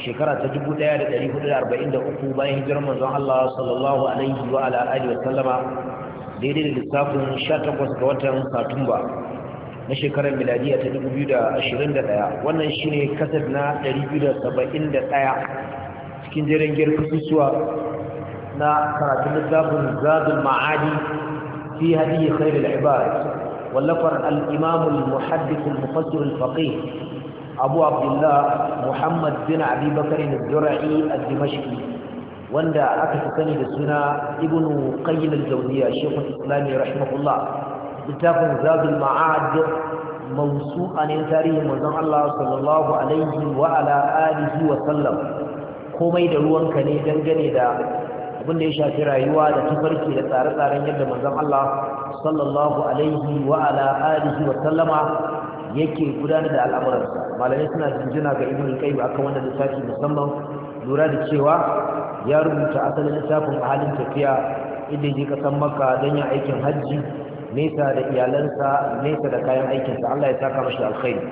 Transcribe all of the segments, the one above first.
shekara ta 1443 bayan hijirar manzon Allah sallallahu alaihi wa ala alihi wa sallama daidai da lissafin 18 ga watan Satumba na shekarar miladiya ta 2021 wannan shine kasar na 271 cikin jerin girkusuwa na karatun lissafin zadul ma'adi fi hadiyi khairul ibad wallafar al-imam al-muhaddith al-mufassir al-faqih abu abdullah muhammad bin abi bakar na zura'i a dimashki wanda aka fi sani da suna ibn qayyim al-jawziya shekul islami rahimahullah littafin zadul ma'ad mawsu'a ne tarihin manzon Allah sallallahu alaihi wa ala alihi wa sallam komai da ruwanka ne dangane da abin da ya shafi rayuwa da tafarki da tsare-tsaren yadda manzon Allah sallallahu alaihi wa ala alihi wa sallama yake gudanar da al'amuransa malamai suna jinjina ga ibn al-qayyim akan wannan lissafi musamman lura da cewa ya rubuta asalin lissafin a halin tafiya inda yake kasan makka don yin aikin hajji nesa da iyalansa nesa da kayan aikinsa Allah ya saka mashi alkhairi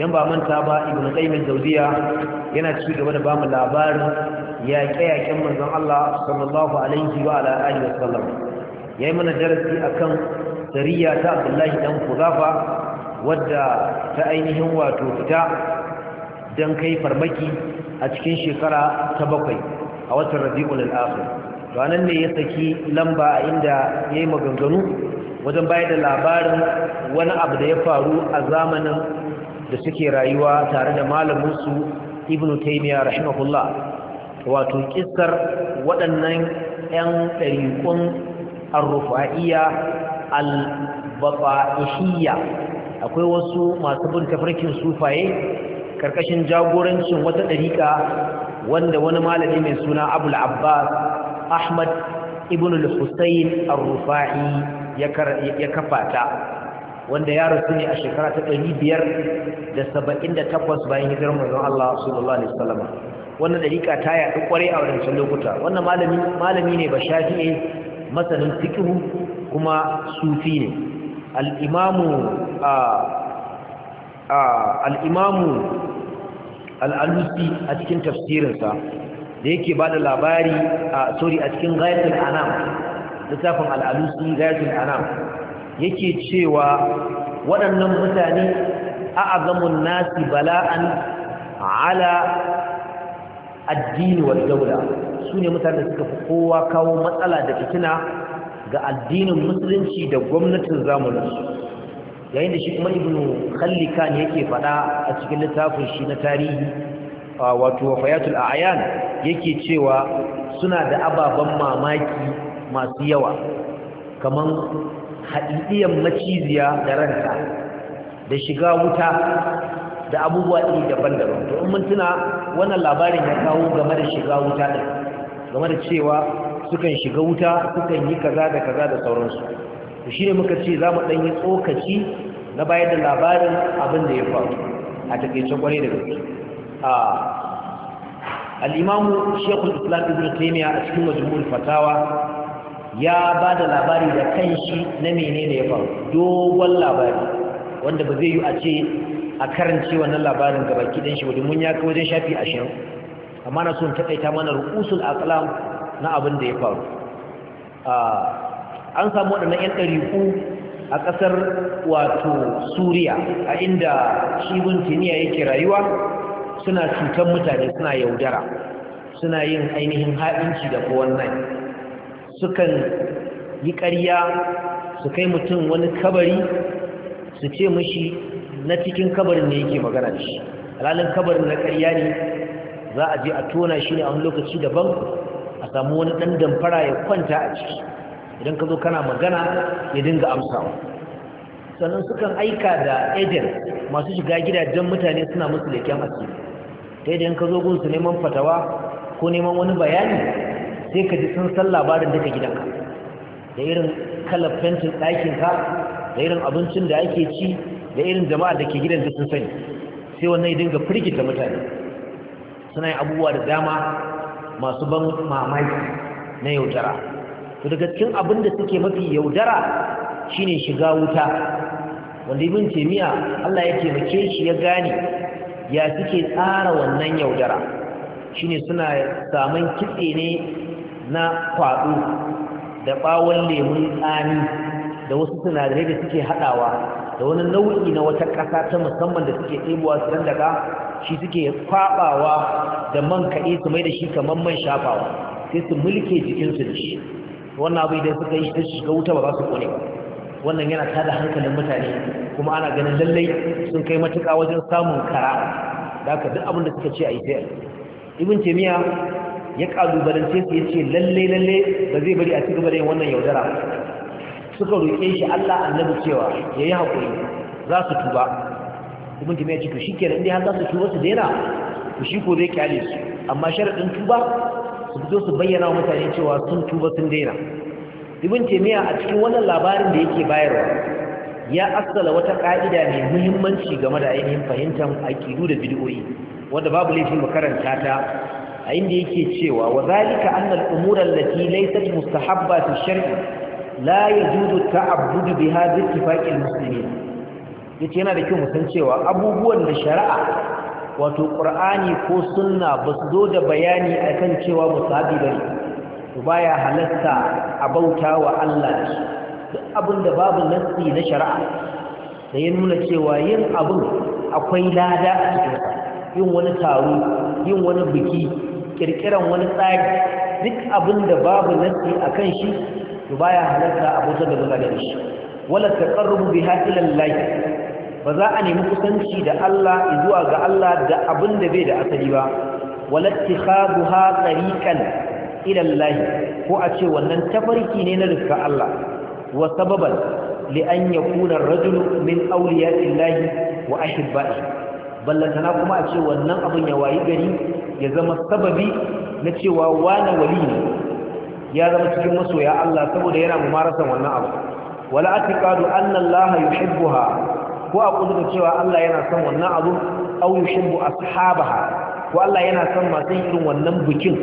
dan ba manta ba ibn qayyim al-jawziya yana ci gaba da bamu labarin yaƙe-yaƙen manzon Allah sallallahu alaihi wa ala alihi wa sallam yayi mana darasi akan sariya ta Abdullahi dan Kuzafa wadda ta ainihin wato fita don kai farmaki a cikin shekara ta bakwai a watan rabi'un al'afir ranar ne ya saki lamba inda ya yi maganganu wajen bayar da labarin wani abu da ya faru a zamanin da suke rayuwa tare da malaminsu ibn taimiyya rahimahullah wato kisar waɗannan 'yan ɗariƙun arrufa'iyya al akwai wasu masu bin tafarkin sufaye karkashin jagorancin wata ɗariƙa wanda wani malami mai suna abul abbas ahmad ibn al-husayn ar-rufa'i ya kafa ta wanda ya rasu ne a shekara ta 578 bayan hijirar manzon Allah sallallahu alaihi wasallam wannan ɗarika ta yaɗu kwarai a wadancan lokuta wannan malami ne ba ne, masanin fiqh kuma sufi ne al'imamu al'imamu al'alusi a cikin tafsirinsa da yake ba da labari a sorry a cikin gayatul anam littafin al'alusi gayatul anam yake cewa waɗannan mutane a azamun nasi bala'an ala addini wa daula su ne mutane da suka fi kowa kawo matsala da fitina ga addinin musulunci da gwamnatin zamaninsu yayin da shi kuma ibnu khallikan yake faɗa a cikin littafin shi na tarihi wato wafayatul a'yan yake cewa suna da ababan mamaki masu yawa kaman haɗiɗiyan maciziya da ranta da shiga wuta da abubuwa iri daban-daban to in mun tuna wannan labarin ya kawo game da shiga wuta din game da cewa sukan shiga wuta sukan yi kaza da kaza da sauransu to shine muka ce za mu ɗan yi tsokaci na bayar da labarin abin da ya faru a takaice kwarai da gaske al'imamu shekul islam ibn taimiyya a cikin majmu'ul fatawa ya ba da labari da kanshi na menene ya faru dogon labari wanda ba zai yi a ce a karance wannan labarin gaba kidan shi wajen mun ya kai wajen shafi ashirin amma na son taƙaita mana rukusul aqlam na abin da ya faru an samu waɗannan 'yan ɗariku a ƙasar wato suriya a inda shibin tiniya yake rayuwa suna cutar mutane suna yaudara suna yin ainihin haɗinci da kowannan sukan yi ƙarya su kai mutum wani kabari su ce mashi na cikin kabarin ne yake magana shi alalin kabarin na ƙarya ne za a je a tona shi ne a wani lokaci daban a samu wani ɗan damfara ya kwanta a ciki idan ka zo kana magana ya dinga amsawa sannan sukan aika da ejen masu shiga gidajen mutane suna musu leken asiri ta yadda ka zo gunsu neman fatawa ko neman wani bayani sai ka ji sun san labarin duka gidanka da irin kalar fentin ɗakinka da irin abincin da ake ci da irin jama'a da ke gidan da sun sani sai wannan ya dinga firgita mutane suna yin abubuwa da dama masu ban mamaki na yaudara to daga cikin abin da suke mafi yaudara shine shiga wuta wanda ibn taymiya Allah ya taimake shi ya gane ya suke tsara wannan yaudara shine suna saman kitse ne na kwado da ɓawon lemun tsami da wasu sinadarai da suke haɗawa? da wani nau'i na wata ƙasa ta musamman da suke ɗebowa su dan daga shi suke kwaɓawa da man kaɗe su mai da shi kamar man shafawa sai su mulke jikinsu da shi wannan abu idan suka yi ta shiga wuta ba za su kone ba wannan yana tada hankalin mutane kuma ana ganin lallai sun kai matuƙa wajen samun kara da haka duk abin da suka ce a yi sayar ibn ya kalubalance su ya ce lallai lalle ba zai bari a cigaba da yin wannan yaudara suka roƙe shi Allah annabi cewa ya yi haƙuri za su tuba ibn jami'a ce to shi kenan dai har za su tuba su daina to shi ko zai kyale su amma sharaɗin tuba su zo su bayyana wa mutane cewa sun tuba sun daina ibn jami'a a cikin wannan labarin da yake bayarwa ya asala wata ka'ida mai muhimmanci game da ainihin fahimtar aƙidu da bid'o'i wanda babu laifi mu karanta ta a inda yake cewa wa zalika annal umura allati laysat mustahabba shar'i la yajuzu ta'abbudu biha bi ittifaqil muslimin yace yana da kyau mu san cewa abubuwan da shari'a wato qur'ani ko sunna ba su zo da bayani akan cewa musabi bane to baya halatta a bauta wa Allah da duk abin da babu nassi na shari'a da ya nuna cewa yin abin akwai lada a cikinsa yin wani taro yin wani biki kirkiran wani tsari duk abin da babu a kan shi to baya halatta abotar da buga da shi wala taqarrubu biha ila Allah ba za a nemi kusanci da Allah zuwa ga Allah da abin da bai da asali ba wala ittikhaduha tariqan ila Allah ko a ce wannan tafarki ne na rifka Allah wa sababan li an yakuna ar-rajulu min awliya'i Allah wa ahibba'i ballantana kuma a ce wannan abin ya wayi gari ya zama sababi na cewa wani wali ne ya zama cikin masoya Allah saboda yana mumarasan wannan abu wala atiqadu anna Allah yuhibbuha ko a kudura cewa Allah yana son wannan abu aw yuhibbu ashabaha ko Allah yana son masu irin wannan bikin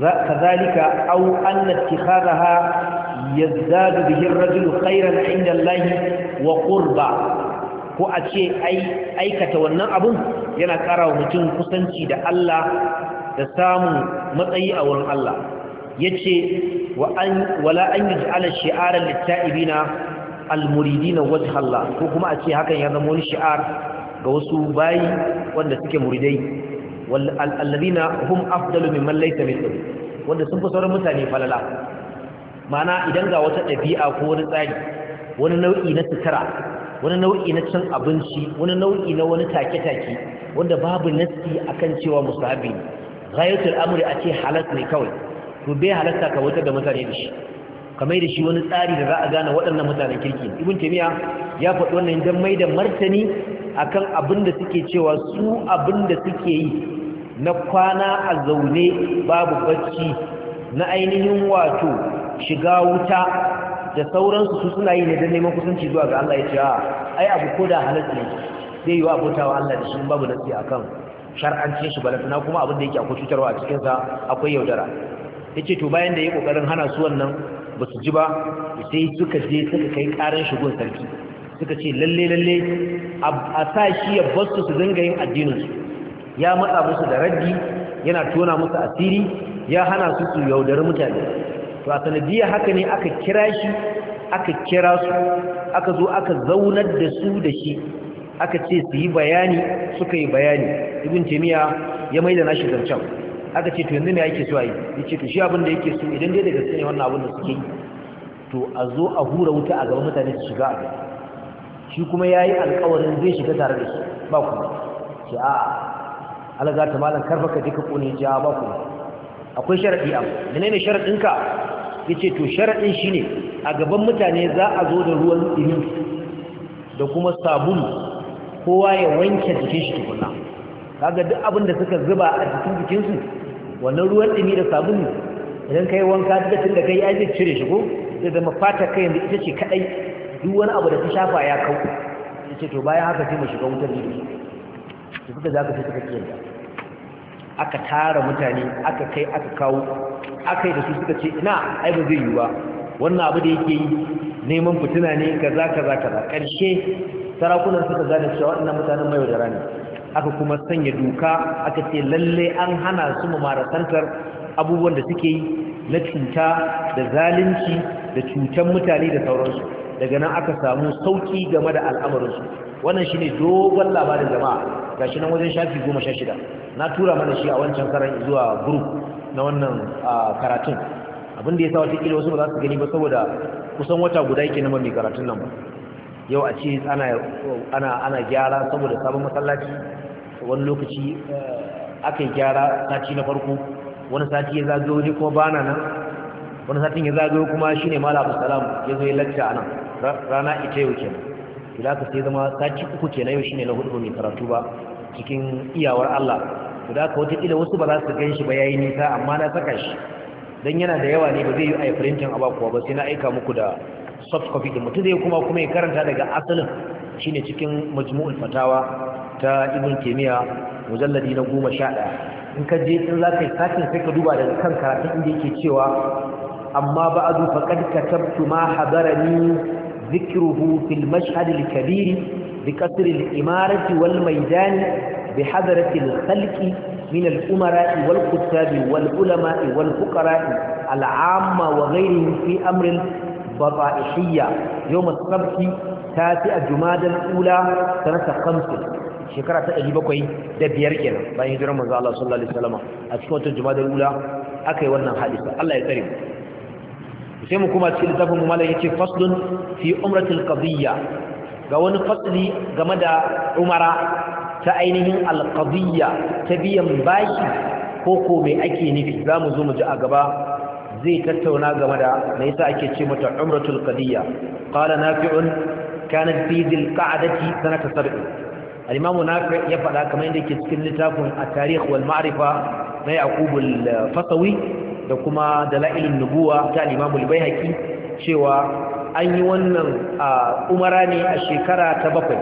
kazalika aw anna ittikhadaha yazdadu bihi ar-rajulu khayran 'inda Allah wa qurba ko a ce aikata wannan abun yana ƙara wa mutum kusanci da Allah da samun matsayi a wurin Allah Ya ce, wala an yi ala shi'arar yaj'ala na litta'ibina almuridina wajha Allah ko kuma a ce hakan ya zama wani shi'ar ga wasu bayi wanda suke muridai wal alladhina hum afdalu mimman laysa mithluhu wanda sun fi sauran mutane falala mana idan ga wata ɗabi'a ko wani tsari wani nau'i na sutura wani nau'i na cin abinci wani nau'i na wani take-take wanda babu nassi akan cewa musahabi ne ghayatul amri a ce halas ne kawai to bai halatta ka wutar da mutane da shi kamar da shi wani tsari da za a gane waɗannan mutanen kirki ibn taymiya ya faɗi wannan dan mai da martani akan abin da suke cewa su abin da suke yi na kwana a zaune babu bacci na ainihin wato shiga wuta da sauransu su suna yi ne don neman kusanci zuwa ga Allah ya ce ai abu ko da halatta ne zai yi wa abotawa Allah da shi babu nasi akan shar'ancin shi balantana kuma abin da yake akwai cutarwa a cikinsa akwai yaudara yace to bayan da ya kokarin hana su wannan ba su ji ba sai suka je suka kai karin shigon sarki suka ce lalle lalle a sa shi ya basu su zanga yin addinin su ya matsa musu da raddi yana tona musu asiri ya hana su su yaudari mutane to a sanadiya haka ne aka kira shi aka kira su aka zo aka zaunar da su da shi aka ce su yi bayani suka yi bayani ibn taymiya ya da nashi zancen aka ce to yanzu me yake so a yi yace to shi abin da yake so idan dai da gaske ne wannan abin da suke yi to a zo a hura wuta a gaban mutane su shiga a gaba shi kuma yayi alƙawarin zai shiga tare da su ba ku ce a alaga ta malam karfa ka duka kone ja ba ku akwai sharadi am menene sharadin ka yace to sharadin shine a gaban mutane za a zo da ruwan dimi da kuma sabulu kowa ya wanke jikin shi tukunna kaga duk abin da suka zuba a cikin jikinsu wannan ruwan ɗumi da sabulu idan ka yi wanka duka tun da ka yi cire shi ko sai zama fata kai yanzu ita ce kaɗai duk wani abu da ta shafa ya kau ya ce to bayan haka sai mu shiga wutar ne da suka za ka fi suka kiyanta aka tara mutane aka kai aka kawo aka yi da su suka ce ina ai ba zai yi ba wannan abu da yake yi neman fituna ne kaza kaza kaza ƙarshe sarakunan suka gane cewa waɗannan mutanen mai wadara ne aka kuma sanya doka aka ce lalle an hana su marasantar abubuwan da suke yi na cuta da zalunci da cutan mutane da sauransu daga nan aka samu sauki game da al'amarinsu wannan shi ne dogon labarin jama'a ga shi nan wajen shafi goma sha shida na tura mana shi a wancan karan zuwa group na wannan karatun abin da ya sa watakila wasu ba za su gani ba saboda kusan wata guda yake na mai karatun nan ba yau a ce ana gyara saboda sabon masallaci wani lokaci eh, aka yi gyara sati na farko wani sati ya zagayo ne kuma na nan wani satin ya zagayo kuma ne mala abu salam ya zo ya lacca a nan rana ita yau ke Ila ka sai zama sati uku ke na yau shi ne na hudu ba mai karatu ba cikin iyawar Allah guda ka wata ila wasu ba za su gan shi ba yayi nisa amma na saka shi dan yana da yawa ne ba zai yi a printing a bakuwa ba sai na aika muku da soft copy din mutum zai kuma kuma ya karanta daga asalin shine cikin majmu'ul fatawa ta ibn kimiyya mujalladi na goma sha ɗaya in ka je in za ka yi satin sai ka duba daga kan karatun inda yake cewa amma ba a zufa ƙarƙa tabtu ma hadarani zikiruhu fil mashhad al-kabiri bi qasr al-imarati wal maidani bi hadarati al-khalqi min al-umara wal kutab wal ulama wal fuqara al-amma wa ghayrihim fi amr al-bata'ihiyya yawm as-sabt 9 جمادى الأولى سنة 5 shekara ta ɗari bakwai da biyar kenan bayan hijirar manzo Allah sallallahu alaihi wasallam a cikin wata juma'a da ula aka yi wannan hadisi Allah ya tsare mu sai mu kuma cikin littafin mu malam ce faslun fi umratil qadiyya ga wani fasli game da umara ta ainihin alqadiyya ta biyan bashi ko ko me ake nufi zamu zo mu ji a gaba zai tattauna game da me yasa ake ce mata umratul qadiyya qala nafi'un كانت في ذي القعدة sanata سبع al-imamu nafi ya faɗa kamar yadda ke cikin littafin a tarikh wal ma'rifa na yaqub fasawi da kuma dalailun nubuwa ta al-imamu al-baihaqi cewa an yi wannan umara ne a shekara ta bakwai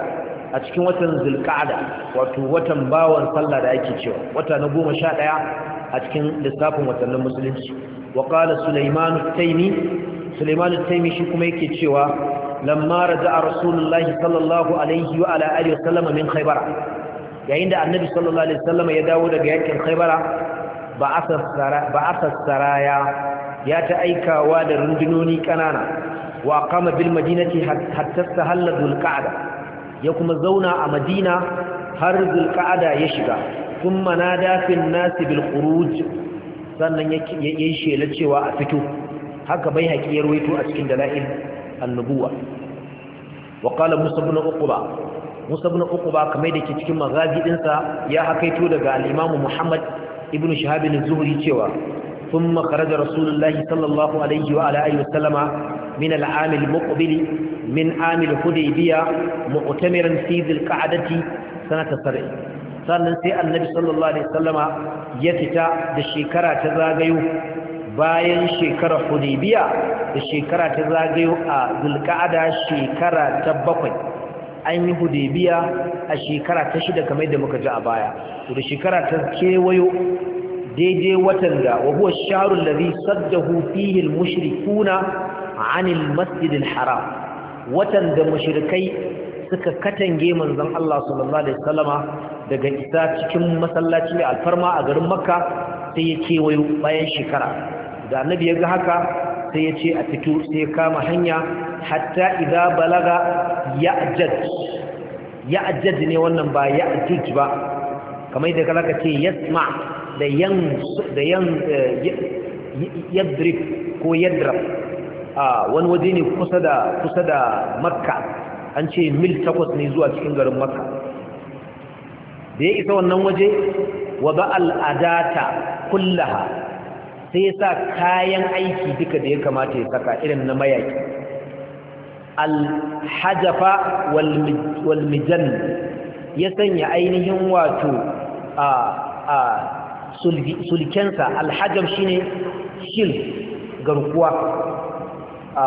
a cikin watan zulqa'ada wato watan bawan sallah da ake cewa wata na 11 a cikin lissafin watannin musulunci wa qala sulaiman at-taymi sulaiman at-taymi shi kuma yake cewa lamma raja'a rasulullahi sallallahu yayin da annabi sallallahu ya dawo daga yakin khaybar ba saraya ya ta aikawa da rundunoni kanana wa qama bil madinati hatta sahalla dhul qa'da ya kuma zauna a madina har dhul qa'da ya shiga thumma nada fil nas bil khuruj sannan ya yi shela cewa a fito haka bai haƙi ya ruwaito a cikin dala'il annubuwa wa qala musa ibn uqba musa ibn uqba kamar da ke cikin magazi dinsa ya hakaito daga al-imam muhammad ibn shahab az-zuhri cewa thumma kharaja rasulullahi sallallahu alaihi wa ala alihi wa sallama min al-aam al-muqbil min aam al-hudaybiyah mu'tamiran fi dhil-qa'dati sanata sar'i sannan sai annabi sallallahu alaihi wasallama ya fita da shekara ta zagayo bayan shekara hudaybiya da shekara ta zagayo a zulqa'ada shekara ta bakwai an yi hudibiya a shekara ta shida kamar da muka ji a baya to da shekara ta kewayo daidai watan da wa huwa sharu allazi saddahu fihi almushrikuna an almasjid alharam watan da mushrikai suka katange manzon Allah sallallahu alaihi wasallama daga isa cikin masallaci alfarma a garin makka sai ya kewayo bayan shekara da annabi ya ga haka sai ya ce a fito sai ya kama hanya hatta idza balaga ya'jad ne wannan ba ya'juj ba kamar da kaza ce yasma da yan da yan eh, yadrib ko yadrab a wani waje ne kusa da kusa da makka an ce mil takwas ne zuwa cikin garin makka da ya isa wannan waje wa ba al'adata kullaha sai ya sa kayan aiki duka da ya kamata ya saka irin na mayaki alhajafa walmijan ya sanya ainihin wato a a sulkensa alhajab shine shil garkuwa a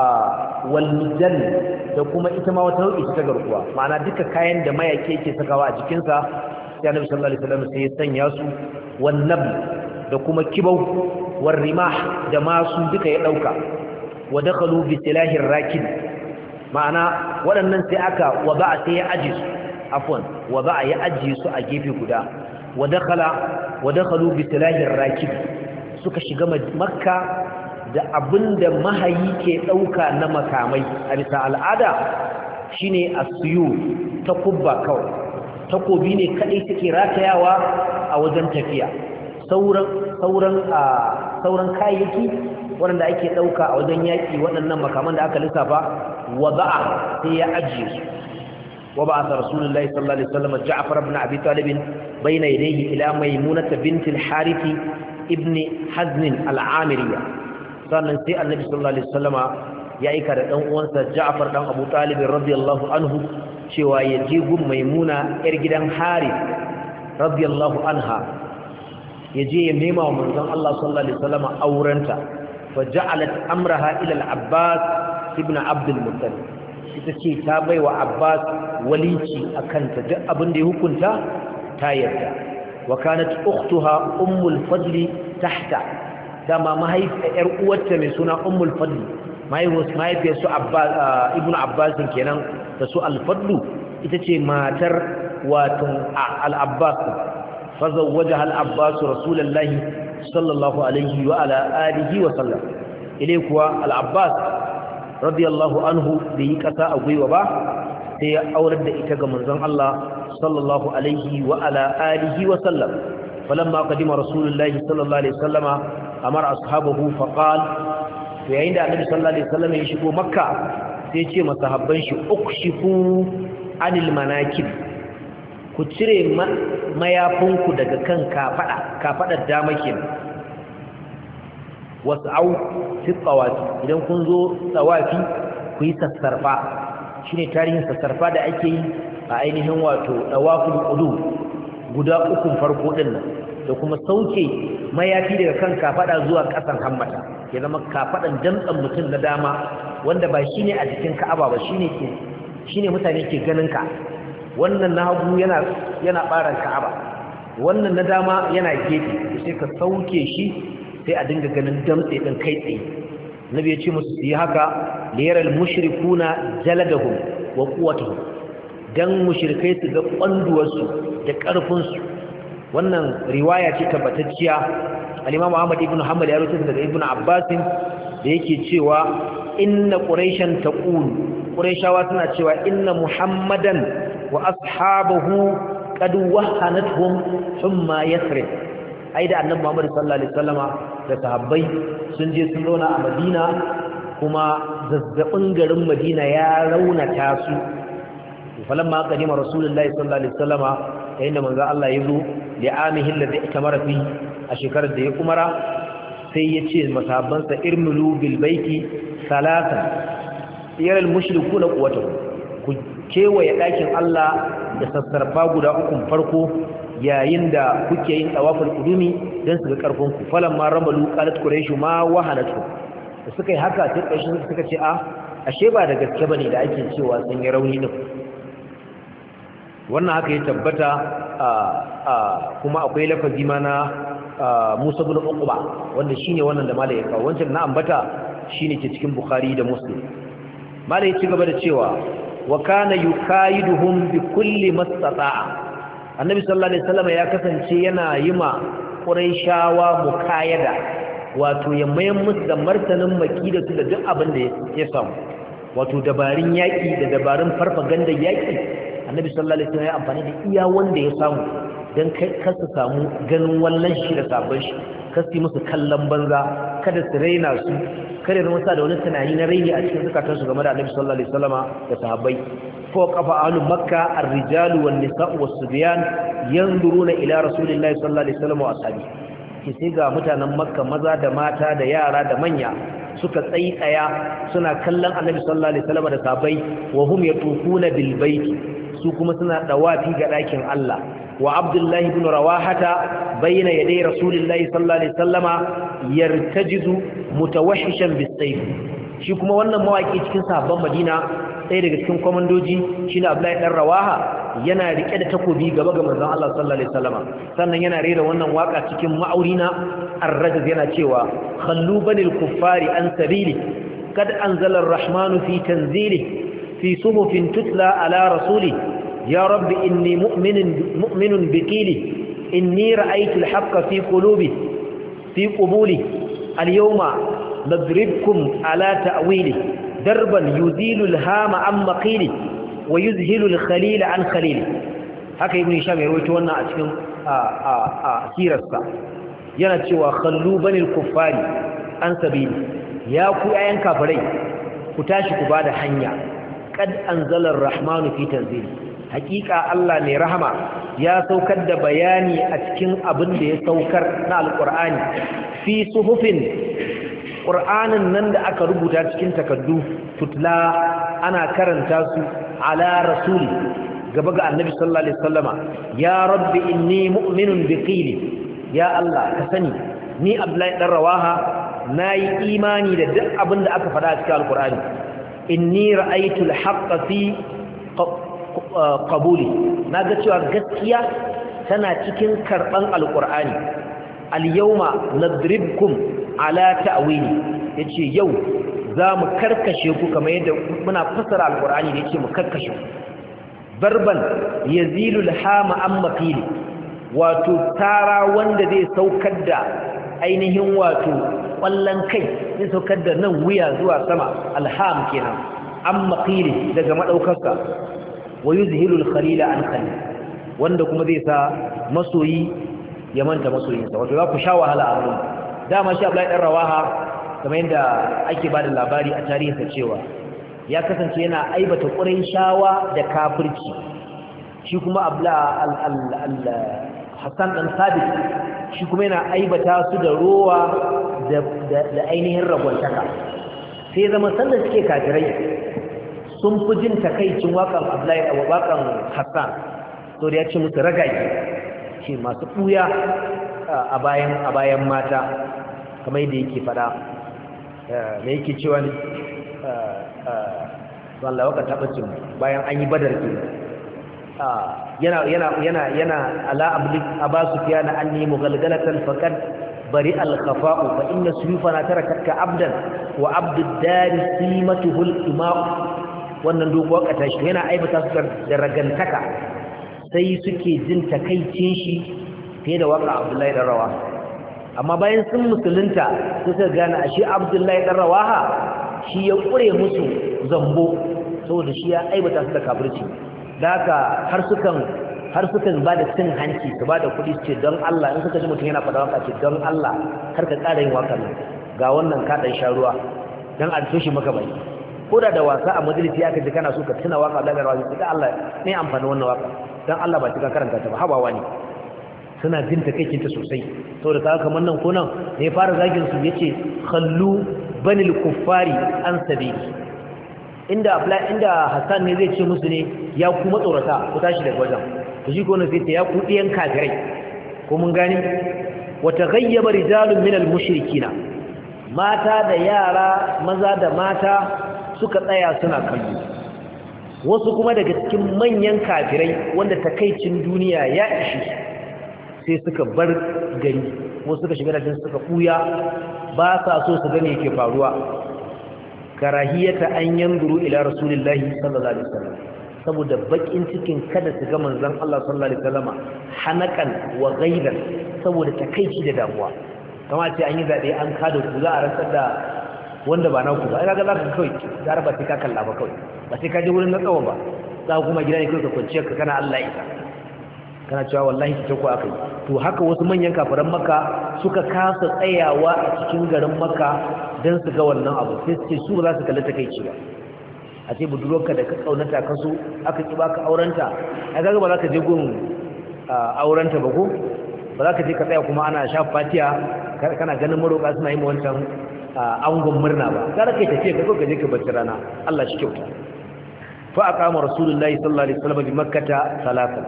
walmijan da kuma ita ma wata nau'i ta garkuwa ma'ana duka kayan da mayaki yake sakawa a jikinsa ya nabi sallallahu alaihi wasallam sai ya sanya su wannan da kuma kibau warrimah da masu duka ya ɗauka, wa dakhalu bi ma'ana waɗannan sai aka wa ba sai ya aji su afwan ya aji su a gefe guda wa dakhala wa dakhalu suka shiga makka da abinda mahayi ke ɗauka na makamai a bisa al'ada shine asiyu ta kubba kawai takobi ne kadai take ratayawa a wajen tafiya sauran sauran kayayyaki waɗanda ake ɗauka a wajen yaƙi waɗannan makaman da aka lissafa wada'a sai ya ajiye su wa ba'a rasulullahi sallallahu alaihi wasallam Ja'far ibn Abi Talib bayna yadayhi ila Maymunah bint al-Harith ibn Hazn al-Amiriyya sannan sai Annabi sallallahu alaihi wasallama ya aika da dan uwansa Ja'far dan Abu Talib radiyallahu anhu cewa ya je gun Maimuna yar gidan Harith radiyallahu anha yaje ya nema wa manzon Allah sallallahu alaihi wasallam aurenta fa ja'alat amraha ila al-Abbas ibn Abd al-Muttalib ita ce ta baiwa Abbas walici akan ta duk abin da ya hukunta ta yarda wa kanat ukhtuha ummul fadli tahta dama mahaifiyar yar uwarta mai suna ummul fadli mahaifiyar su ah, ibn Abbas kenan da su al-fadlu ita ce matar watan ah, al-Abbas فزوجها العباس رسول الله صلى الله عليه وعلى آله وسلم إليكوا العباس رضي الله عنه بيكتا أبوي وبا سي أورد إتقى منزان الله صلى الله عليه وعلى آله وسلم فلما قدم رسول الله صلى الله عليه وسلم أمر أصحابه فقال في عند النبي صلى الله عليه وسلم يشكو مكة سيتي مصحبين شي أكشفوا عن المناكب ku cire mayafinku daga kan kafada kafadar dama wasu au, fi tsawafi idan kun zo tsawafi ku yi sassarfa shine tarihin sassarfa da ake yi a ainihin wato tawaful qudum guda ukun farko din nan da kuma sauke mayafi daga kan kafaɗa zuwa kasan hammata ya zama kafadan damtsan mutum na dama wanda ba shine a jikin ka'aba ba shine ke shine mutane ke ganin ka wannan na hagu yana ɓaran ka'aba wannan na dama yana gefe sai ka sauke shi sai a dinga ganin damtse ɗin kai tsaye Na biya ce musu su yi haka liyaral mushrikuna jaladahum wa quwwatahum dan mushrikai su ga ƙwanduwarsu da ƙarfinsu. wannan riwaya ce tabbatacciya al-imam ibn hamad ya rute daga Ibn Abbas da yake cewa inna quraishan taqulu quraishawa suna cewa inna muhammadan wa ashabahu qad wahanatuhum thumma yasrib ai da annabi Muhammad sallallahu alaihi wasallama da sahabbai sun je sun zauna a Madina kuma zazzabin garin Madina ya raunata su falamma qadima rasulullahi sallallahu alaihi wasallama yayin da manzo Allah ya zo da amihi alladhi ikamara fi a shekarar da ya kumara sai ya ce masabansa irmulu bil baiti salatan yaral mushrikuna quwwatuhum kewaye ɗakin Allah da sassarfa guda ukun farko yayin da kuke yin tsawafin ƙudumi don su ga ƙarfinku falon ma ramalu ƙalat ƙureshu ma wahalatu da suka yi haka sai ƙarshen suka ce a ashe ba da gaske ba ne da ake cewa sun yi rauni ɗin wannan haka ya tabbata kuma akwai lafazi ma na musa bin uquba wanda shine wannan da malai ya kawo wancan na ambata shine ke cikin bukhari da muslim malai ya ci gaba da cewa وكان kana بكل ما استطاع النبي annabi الله عليه وسلم ya kasance yana yima quraishawa mukayada wato ya mayan musu da martanin makida su da duk abin da ya samu wato dabarun yaki da dabarun farfaganda yaki annabi sallallahu alaihi wasallam ya amfani da iya wanda ya samu dan kai ka samu ganin wallan shi da sabon shi kasti musu kallon banza kada su raina su kada zama sa da wani tunani na raini a cikin su game da annabi sallallahu alaihi wasallama da sahabbai ko kafa alu makka ar-rijalu wan nisa'u was sibyan yanzuruna ila rasulillahi sallallahu alaihi wasallama wa ashabi ki sai ga mutanen makka maza da mata da yara da manya suka tsayi tsaya suna kallon annabi sallallahu alaihi wasallama da sahabbai wa hum yatufuna bil baiti su kuma suna dawafi ga ɗakin Allah wa abdullahi bin rawahata bayyana yadai rasulullahi sallallahu alaihi wasallama yartajizu mutawahhishan bisayf shi kuma wannan mawaki cikin sahabban Madina ɗaya daga cikin komandoji shine Abdullahi dan Rawaha yana rike da takobi gaba ga manzon Allah sallallahu alaihi sannan yana rera wannan waka cikin ma'aurina ar-rajz yana cewa khallu banil kuffari an sabili kad anzala ar-rahmanu fi tanzilihi في صحف تتلى على رسولي يا رب إني مؤمن, مؤمن بقيلي إني رأيت الحق في قلوبي في قبولي اليوم نضربكم على تأويلي دربا يزيل الهام عن مقيلي ويذهل الخليل عن خليلي haka ibn hisham ya rawaito wannan a cikin a sirarsa yana cewa khallu banil kuffari an sabili ya ku ayan kafirai ku tashi ku bada hanya qad anzala ar-rahmanu fi tanzili hakika Allah mai rahama ya saukar da bayani a cikin abin da ya saukar na alqur'ani fi suhufin qur'anin nan da aka rubuta cikin takaddu tutla ana karanta su ala rasuli gaba ga annabi sallallahu alaihi wasallama ya rabbi inni mu'minun biqili ya Allah ka sani ni Abdullahi dan Rawaha nayi imani da duk abin da aka faɗa a cikin alqur'ani inni ra'aytul haqqa fi qabuli naga cewa gaskiya tana cikin karban alqur'ani al-yawma nadribkum ala ta'wili yace yau zamu karkashe ku kamar yadda muna fasara alqur'ani da yace mu karkashe barban yazilul hama amma fili wato tara wanda zai saukar da ainihin wato Kwallon kai ya saukar da nan wuya zuwa sama alham kenan an maƙiri daga maɗaukarsa wa yi zihilul khalila an kalli wanda kuma zai sa masoyi ya manta masoyinsa wato za ku sha wahala a wurin dama shi abulai ɗan rawaha kamar yadda ake ba da labari a tarihinsa cewa ya kasance yana aibata ƙurin shawa da kafirci shi kuma abla hassan ɗan sabit shi kuma yana aibata su da rowa da ainihin ragwantaka sai zama sanda suke kafirai sun fi jin takaicin wakan abdullahi a wakan hassan to da ya ce musu ragaye ce masu ɓuya a bayan mata kamar yadda yake fada da eh, yake cewa ne wallawa eh, eh, ka tabbacin bayan an yi badar ke ah, yana ala abu abasu fiya na an mu galgalatan fakad bari al-khafa'u fa inna suyufana tarakatka abdan wa abdud dari qimatuhu al-ima'u wannan dogo kata shi yana aibata su da ragantaka sai suke jin takaicin shi fiye da waka Abdullahi dan rawa, amma bayan sun musulunta sai suka gane ashe Abdullahi dan Rawaha shi ya kure musu zambo saboda shi ya aibata su da kafirci da haka har sukan har suka ba da cin hanci su ba da kuɗi su ce don Allah in suka ji mutum yana faɗa waka ce don Allah har ka ƙara yin waka nan ga wannan kaɗan sha ruwa don a tushe maka bai ko da da wasa a majalisi ya kaji kana so ka tuna waka da garwa sai Allah ne amfani wannan waka don Allah ba cika karanta ta ba habawa ne suna jin takeicin ta sosai saboda kaga kamar nan ko nan ne fara zagin su yace khallu banil kuffari an sabili inda abla inda hasan ne zai ce musu ne ya kuma tsorata ku tashi daga wajen to shi ko ne sai ya ku ɗiyan kafirai ko mun gani wa taghayyaba rijalun minal mushrikina mata da yara maza da mata suka tsaya suna kallo wasu kuma daga cikin manyan kafirai wanda takaicin duniya ya ishi sai suka bar gari wasu suka shiga dajin suka buya ba sa so su gane yake faruwa karahiyata an yanzuru ila rasulullahi sallallahu alaihi wasallam saboda bakin cikin kada su ga manzon Allah sallallahu alaihi wasallam hanakan wa ghaiban saboda takeici da damuwa kuma sai an yi zabe an kada ku za a rantsar da wanda ba naku ba ai kaga zaka kai zara ba sai ka kalla ba kai ba sai ka je wurin na tsawon ba za ku kuma gidan kai ka kwanciya ka kana Allah isa kana cewa wallahi ki tako akai to haka wasu manyan kafiran makka suka kasa tsayawa a cikin garin makka dan su ga wannan abu sai su ce su ba za su kalla takeici ba a ce budurwarka da ka kaunata ka so aka ki baka aurenta ai kaga ba za ka je gun aurenta ba ko ba za ka je ka tsaya kuma ana sha fatiya kana ganin maroka suna yi wancan angon murna ba kada kai tafiya ka ka je ka bacci rana Allah shi kyauta fa aqama rasulullahi sallallahu alaihi wasallam bi makkata salatan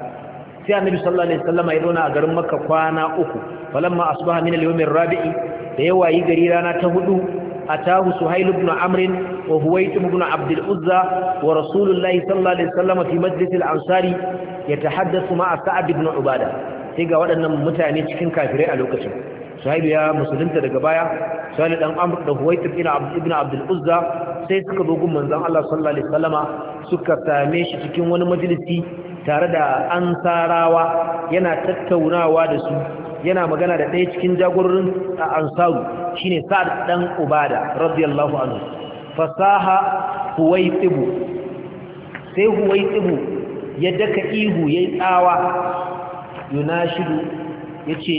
sai annabi sallallahu alaihi wasallam ya zauna a garin makka kwana uku falamma asbaha min al-yawm ar-rabi'i da yawa yi gari rana ta hudu أتاه سهيل بن عمرو وهويتم بن عبد العزى ورسول الله صلى الله عليه وسلم في مجلس الأنصار يتحدث مع سعد بن عبادة تيجا ودنا متعني cikin kafirai a lokacin Suhaib ya musulunta daga baya Suhail dan Amr da Huwaytib ibn Abd uzza sai suka zo gun manzon Allah sallallahu alaihi suka same shi cikin wani majlisi tare da Ansarawa yana tattaunawa da su yana magana da ɗaya cikin jagororin a ansaru ne sa'ad ɗan ubada radiyallahu anhu fasaha tsibu sai tsibu ya daka ihu ya yi tsawa ce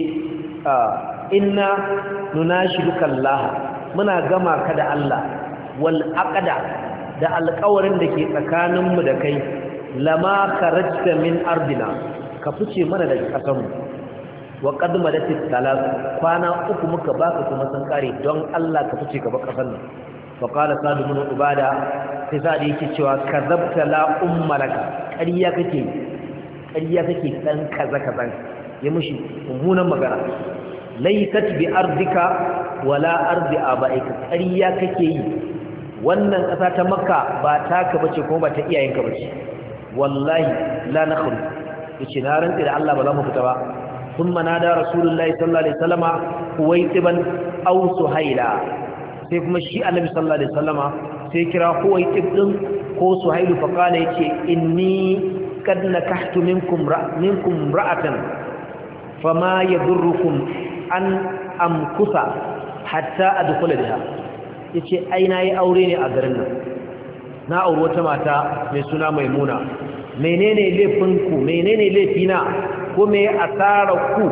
ina inna shidu kallaha, muna gama ka da Allah wal da alƙawarin da ke tsakaninmu da kai lama kharajta min ardina ka fice mana daga ƙasarmu wa qad malatit talat kwana uku muka baka kuma san kare don Allah ka fice gaba kafan nan fa qala sadu bin ubada sai sadi yake cewa kazabta la ummalaka ƙarya kake ƙarya kake dan kaza kaza ya mushi mummunan magana laysat bi ardika wala ardi abaika ƙarya kake yi wannan ƙasa ta makka ba taka bace kuma ba ta iyayenka bace wallahi la nakhru yace na rantsi da Allah ba za mu fita ba ثم نادى رسول الله صلى الله عليه وسلم هويتبا أو سهيلا sai kuma shi annabi sallallahu alaihi wasallama sai kira huwaiqib din ko suhailu fa kana yace inni kad nakahtu minkum ra minkum ra'atan fama yadurrukum an amkusa hatta adkhula biha yace ai nayi aure ne a garin nan na aure wata mata mai suna maimuna menene laifin ku menene laifina ko me asarar ku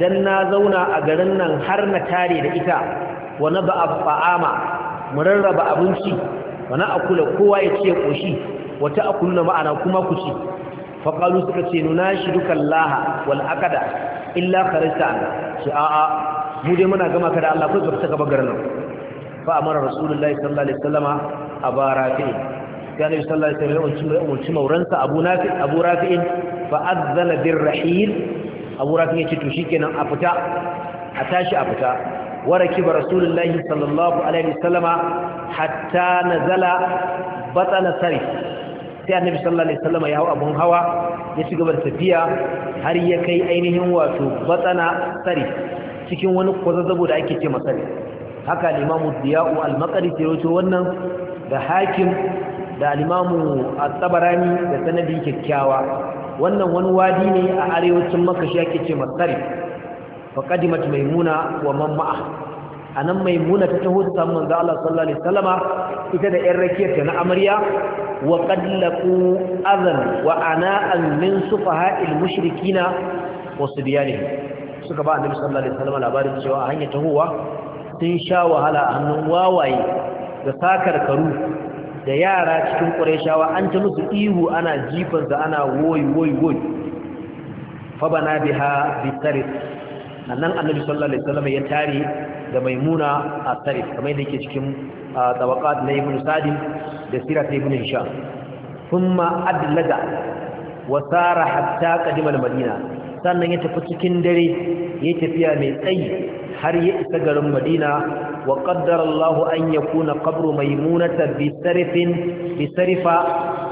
dan na zauna a garin nan har na tare da ita wani ba a fa'ama mu rarraba abinci wa na akula kowa ya ce koshi wata akulna ma'ana kuma ku ce? fa suka ce nuna shi dukallaha wal aqada illa kharista shi a'a mu dai muna gama kada Allah ko ta gaba garin nan fa amara rasulullahi sallallahu alaihi wasallama abarafi ya nabi sallallahu alaihi wasallam ya umarci mauransa abu nafi abu rafi'in fa'azzana bin rahil a rafi ya ce to shi kenan a fita a tashi a fita waraki ba rasulullahi sallallahu alaihi wasallama hatta nazala batsana sari sai annabi sallallahu alaihi wasallama ya hau abun hawa ya ci gaba da tafiya har ya kai ainihin wato batsana sari cikin wani kwazazzabo da ake ce masari haka al-imamu diya'u al-maqari ke rawaito wannan da hakim da al-imamu at da sanadi kyakkyawa wannan wani wadi ne a arewacin makka shi ake ce masarif fa qadimat maimuna wa Mamma'a. A nan maimuna ta taho ta manzo Allah sallallahu alaihi salama. ita da ƴan rakiyarta na amarya wa qallaqu azan wa ana'an min sufaha'il mushrikina wa ne. suka ba a annabi sallallahu alaihi salama labarin cewa a hanyar tahowa sun sha wahala a hannun wawaye da sakarkaru da yara cikin ƙurayshawa an ta musu ihu ana jifansa ana woyi woyi woyi fabana biha bitarif annan annabi sallallahu alaihi wasallam ya tare da maimuna a tarif kamar yadda yake cikin tabaqat na ibnu sa'd da sirat ibnu hisham thumma adlaga wa sara hatta qadima madina sannan ya tafi cikin dare ya tafiya mai tsayi har ya isa garin madina an ya kuna يكون mai munata بسرف بسرف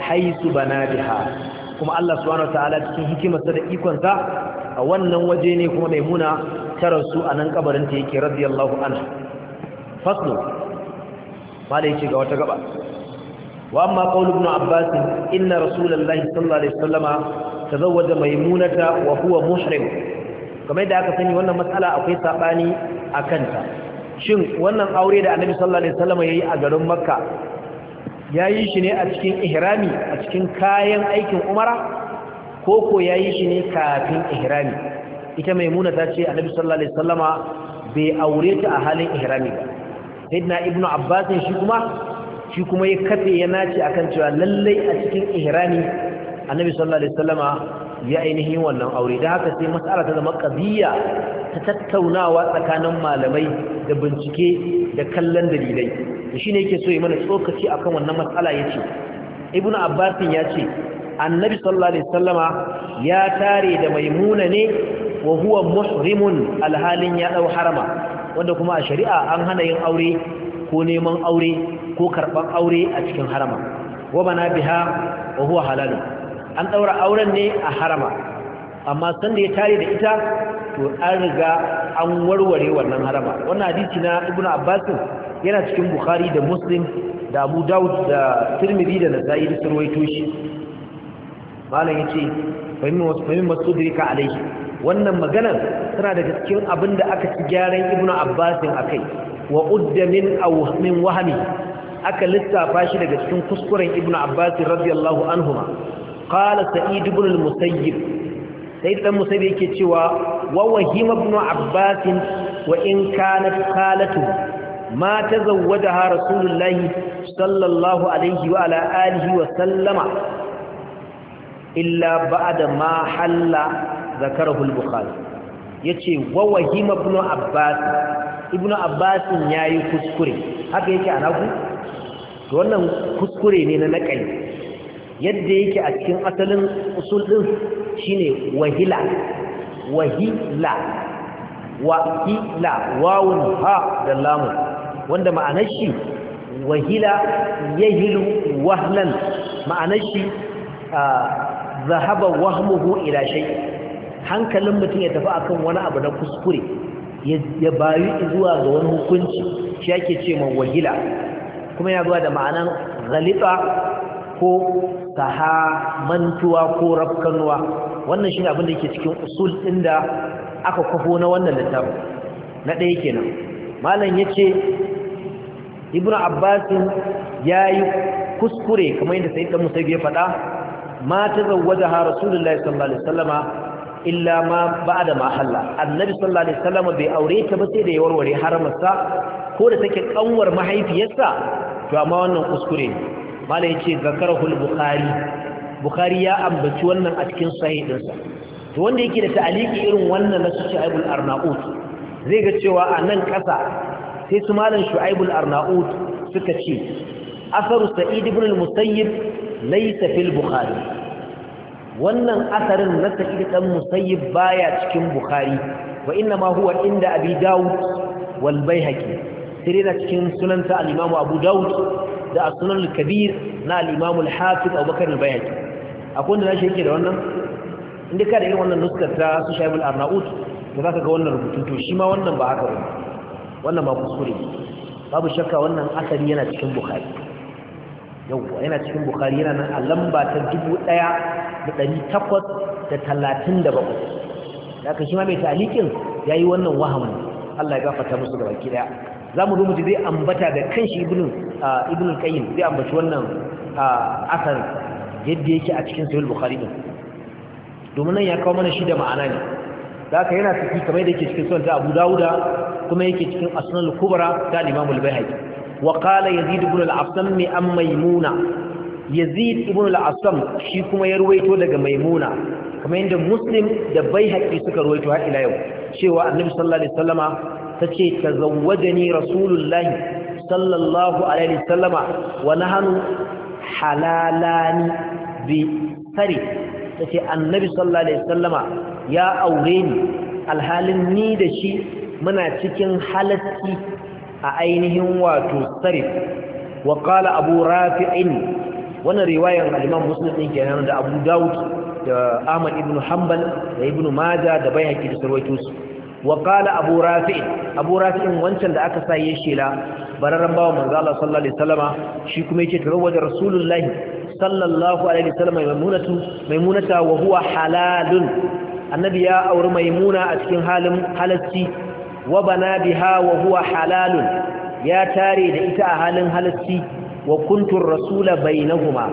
حيث بنا بها كما الله سبحانه وتعالى cikin hikimarsa da ikonsa a wannan waje ne kuma maimuna ta rasu a nan kabarin ta yake radiyallahu anha ba da yake ga wata gaba wa amma qaul ibn abbas inna rasulullahi sallallahu alaihi wasallama tazawwaja maimunata wa huwa muhrim kamar da aka sani wannan matsala akwai sabani akanta shin wannan aure da annabi sallallahu alaihi wasallam yayi a garin makka yayi shi ne a cikin ihrami a cikin kayan aikin umara ko ko yayi shi ne kafin ihrami ita maimuna ta ce annabi sallallahu alaihi wasallama bai aure ta a halin ihrami ba sayyidina ibnu abbas shi kuma shi kuma ya kafe ya nace akan cewa lalle a cikin ihrami annabi sallallahu alaihi wasallama ya ainihin wannan aure da haka sai matsala ta zama ƙabiya ta tattaunawa tsakanin malamai da bincike da kallon dalilai da shi ne yake so yi mana tsokaci a kan wannan matsala ya ce ibn abbasin ya ce annabi sallallahu alaihi sallama ya tare da maimuna ne wa huwa muhrimun alhalin ya ɗau harama wanda kuma a shari'a an hana yin aure ko neman aure ko karɓar aure a cikin harama wa mana biha wa huwa halalin. an ɗaura auren ne a harama amma sanda ya tare da ita to an riga an warware wannan harama wannan hadisi na Ibnu abbas yana cikin bukhari da muslim da abu daud da tirmidhi da nasa'i da surwaito shi malam yace fahimin wasu masu dirika alaihi wannan maganar tana daga cikin abin da aka ci gyaran ibn abbas akai wa udda min aw min aka lissafa shi daga cikin kuskuren Ibnu abbas radiyallahu anhuma qala sa'id ibn al-musayyib sai dan musayyib yake cewa wa wahim ibn abbas wa in kanat khalatu ma tazawwadaha rasulullahi sallallahu alaihi wa ala alihi wa sallama illa ba'da ma halla zakarahu al-bukhari yace wa wahim ibn abbas ibn abbas yayi kuskure haka yake anaku to wannan kuskure ne na nakali yadda yake a cikin asalin usul din shine wahila wahila wahila wawun ha da lamun wanda ma'anar shi wahila yahilu wahlan ma'anar shi zahaba wahmuhu ila shay hankalin mutum ya tafi akan wani abu na kuskure ya bayu zuwa ga wani hukunci shi yake ce ma wahila kuma ya zuwa da ma'anan ghalifa ko saha mantuwa ko rafkanuwa wannan shi ne abin da yake cikin usul inda aka kwafo na wannan littafin na ɗaya kenan malam ya ce ibn abbasin ya yi kuskure kamar yadda sai ɗan musayi ya faɗa ma ta zawwaja ha rasulullahi sallallahu alaihi wasallama illa ma ba'da ma halla annabi sallallahu alaihi wasallama bai aure ta ba sai da ya warware haramarsa ko da take kanwar mahaifiyarsa to amma wannan kuskure mala ya ce zakarahul bukari bukari ya ambaci wannan a cikin sahihinsa to wanda yake da ta'aliki irin wannan na su shu'aibul arnaut zai ga cewa a nan ƙasa sai su malam shu'aibul arnaut suka ce asaru sa'id ibn al-musayyib laysa fil bukhari wannan asarin na sa'id dan musayyib baya cikin bukhari wa inna ma huwa inda abi daud wal baihaqi sai da cikin sunan ta al-imamu abu daud da as kabir na al-imam al-hafiz Abu Bakar al-Bayhaqi akwai wanda nashi yake da wannan inda ka da irin wannan nuskar ta su Shaib al-Arnaut da zaka ga wannan rubutun to shi ma wannan ba haka bane wannan ba kuskure babu shakka wannan asali yana cikin Bukhari yawwa yana cikin Bukhari yana nan a lamba ta ɗaya da ɗari takwas da da Da talatin aka shi ma mai ya yi wannan wahamin Allah ya gafarta musu gaba ki daya za mu zo mu zai ambata da shi ibn al-qayyim zai ambaci wannan asar yadda yake a cikin sahih bukhari din domin nan ya kawo mana shi da ma'ana ne zaka yana tafi kamar yadda yake cikin sunan Abu Dawuda kuma yake cikin Asnan al-Kubra da Imam al-Baihaqi wa qala Yazid ibn al-Asam mi am Maimuna Yazid ibn al-Asam shi kuma ya ruwaito daga Maimuna kamar yadda Muslim da Baihaqi suka ruwaito har ila yau cewa Annabi sallallahu alaihi wasallama tace tazawwajani rasulullahi sallallahu alaihi wasallama wa nahnu halalani bi sari tace annabi sallallahu alaihi wasallama ya aure ni alhalin ni da shi muna cikin halatti a ainihin wato sarif wa qala abu rafi'in wannan riwayar al-imam muslim din kenan da abu daud da ahmad ibn hanbal da ibn majah da baihaqi da sarwaito su wa qala abu rafi' abu wancan da aka saye shela bararran bawa manzo Allah sallallahu alaihi wasallama shi kuma yake da rasulullahi sallallahu alaihi wasallama maimunatu maimunata wa huwa halalun annabi ya auri maimuna a cikin halin halacci wa bana biha wa huwa halalun ya tare da ita a halin halacci wa kuntur bai bainahuma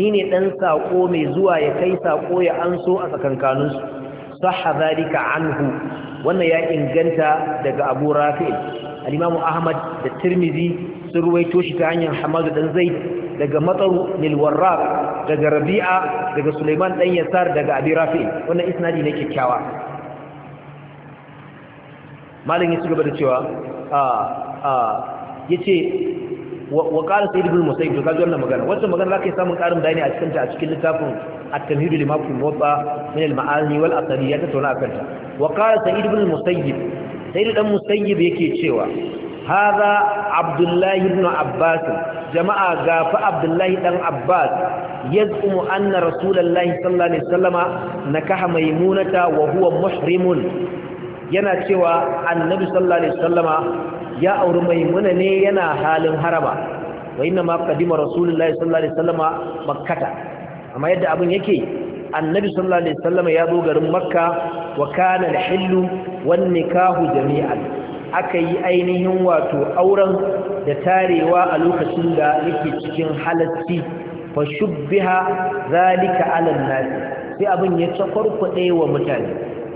ni ne dan sako mai zuwa ya kai sako ya anso a tsakankaninsu sahha zalika anhu wannan ya inganta daga abu rafi'il al-imamu ahmad da tirmizi sun ruwaito shi ta hanyar hamad dan zaid daga matsaru lil warraq daga rabi'a daga sulaiman dan yasar daga abi rafi'il wannan isnadi ne kyakkyawa malamin su gaba da cewa a a yace wa qala sayyid ibn musayyib to kaji wannan magana wannan magana zaka samu karin bayani a cikin ta a cikin littafin at-tamhid lima fi min al-ma'ani wal asali ya tattauna a kanta. wa qala sa'id ibn musayyib ɗan dan musayyib yake cewa hadha abdullahi ibn abbas jama'a gafa abdullahi ɗan abbas yaz'umu anna rasulullahi sallallahu alaihi wasallama nakaha maimunata wa huwa muhrimun yana cewa annabi sallallahu alaihi wasallama ya auri maimuna ne yana halin harama wa nama ma qadima rasulullahi sallallahu alaihi wasallama makkata amma yadda abin yake annabi sallallahu alaihi sallama ya zo garin makka wa kana al-hillu wan nikahu jami'an aka yi ainihin wato auren da tarewa a lokacin da yake cikin halatti fa shubbiha zalika ala an-nas sai abin ya tsafarkwade wa mutane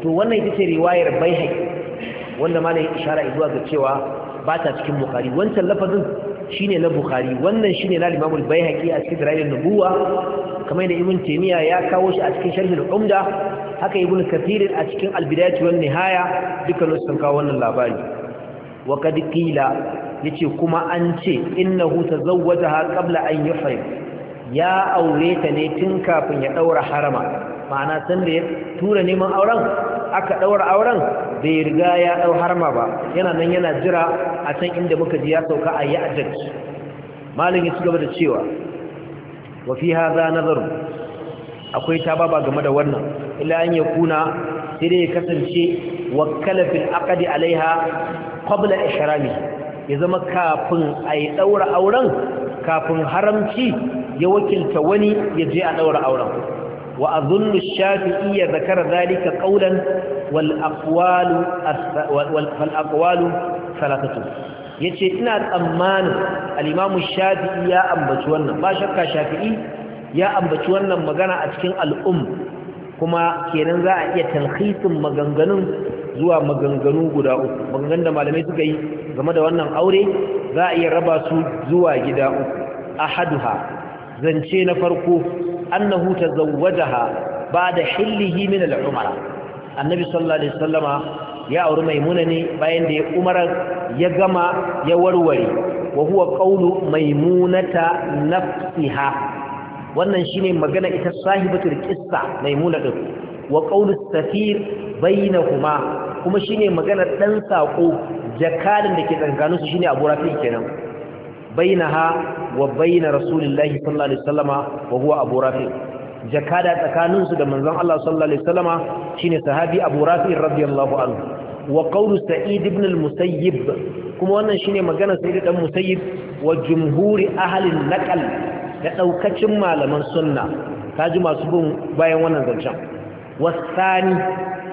to wannan ita ce riwayar baihaqi wanda malai ishara zuwa ga cewa ba ta cikin bukari wancan lafazin shine na bukari wannan shine na limamul baihaqi a cikin dalilin nubuwa kamar da ibn taymiya ya kawo shi a cikin sharhin umda haka ibn kathir a cikin al-bidayah wan nihaya dukkan sun kawo wannan labari wa kad ya yace kuma an ce huta innahu tazawwajaha kabla an yuhrim ya aure ta ne tun kafin ya ɗaura harama ma'ana sanda ya tura neman auren aka ɗaura auren bai riga ya ɗau harma ba yana nan yana jira a can inda muka ji ya sauka a yi ajarki malin ya ci gaba da cewa wafi fi haza nazaru akwai tababa game da wannan ila an ya kuna sai dai ya kasance wakkala fil aqdi alaiha qabla ihrami ya zama kafin ai ɗaura auren kafin haramci ya wakilta wani ya je a ɗaura auren wa azunnu iya ya zakara zalika ƙaunan. wal'akwalu salatatu ya ce ina tsammanin al'imamu shafi'i ya ambaci wannan ba shakka shafi'i ya ambaci wannan magana a cikin al'um kuma kenan za a iya talhisin maganganun zuwa maganganu guda uku maganganun da malamai suka yi game da wannan aure za a iya raba su zuwa gida uku a ahaduha zance na farko annahu tazawwajaha ba'da hillihi da al-umara annabi sallallahu alaihi wasallama ya auri maimuna ne bayan da ya ya gama ya warware wa huwa qawlu maimunata nafsiha wannan shine magana ita sahibatul qissa maimuna din wa qawlu safir bainahuma kuma shine magana dan sako jakadan da ke tsakaninsu su shine Abu Rafi kenan bainaha wa bain rasulillahi sallallahu alaihi wasallama wa huwa Abu Rafi jakada tsakaninsu da manzon Allah sallallahu alaihi wasallama shine sahabi Abu Rafi radiyallahu anhu wa qawlu Sa'id ibn al-Musayyib kuma wannan shine magana Sa'id dan Musayyib wa jumhuri ahli al-naqal da daukacin malaman sunna kaji masu bin bayan wannan zancen wasani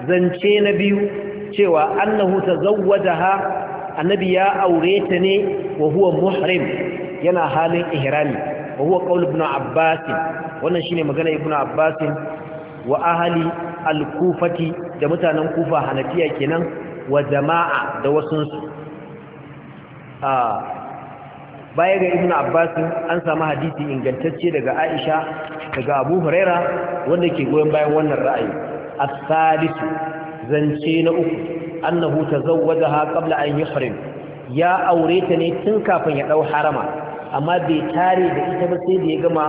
zance na biyu cewa annahu tazawwajaha annabi ya aure ta ne wa huwa muhrim yana halin ihrami wa huwa qaul ibn wannan shine magana ibn abbas wa ahli al-kufati da mutanen kufa hanafiya kenan wa jama'a da wasunsu a ah, baya ga ibn abbas an samu hadisi ingantacce daga aisha daga abu huraira wanda ke goyon bayan wannan ra'ayi as-salis zance na uku annahu tazawwajaha qabla an yahrim ya aure ta ne tun kafin ya dau harama amma bai tare da ita ba sai da ya gama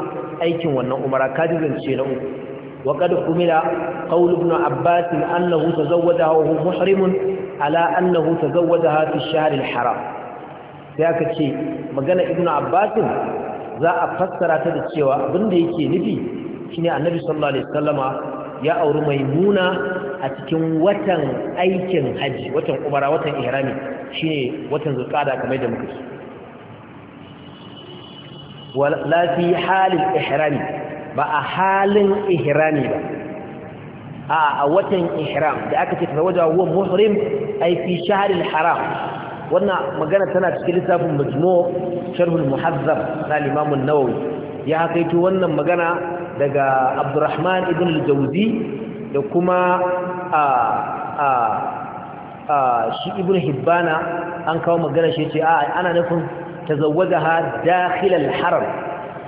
aikin wannan umara kaji ce na uku wa qad kumila qawl ibn abbas annahu tazawwadaha wa huwa muhrim ala annahu tazawwadaha fi shahr al-haram sai aka ce magana ibn abbas za a fassara ta da cewa abinda yake nufi shine annabi sallallahu alaihi wasallama ya auri maimuna a cikin watan aikin haji watan umara watan ihrami shine watan zulqa'da kamar da muka ce wala fi halin ihrami ba a halin ihrami ba a a watan ihram da aka ce tazawaja muhrim ay fi shahril haram wannan magana tana cikin littafin majmu' sharh al-muhazzab na al-imam an-nawawi ya kaito wannan magana daga Abdurrahman ibn al-Jawzi da kuma a a a shi ibn Hibbana an kawo magana shi ce a ana nufin tazawwajaha dakhil al-haram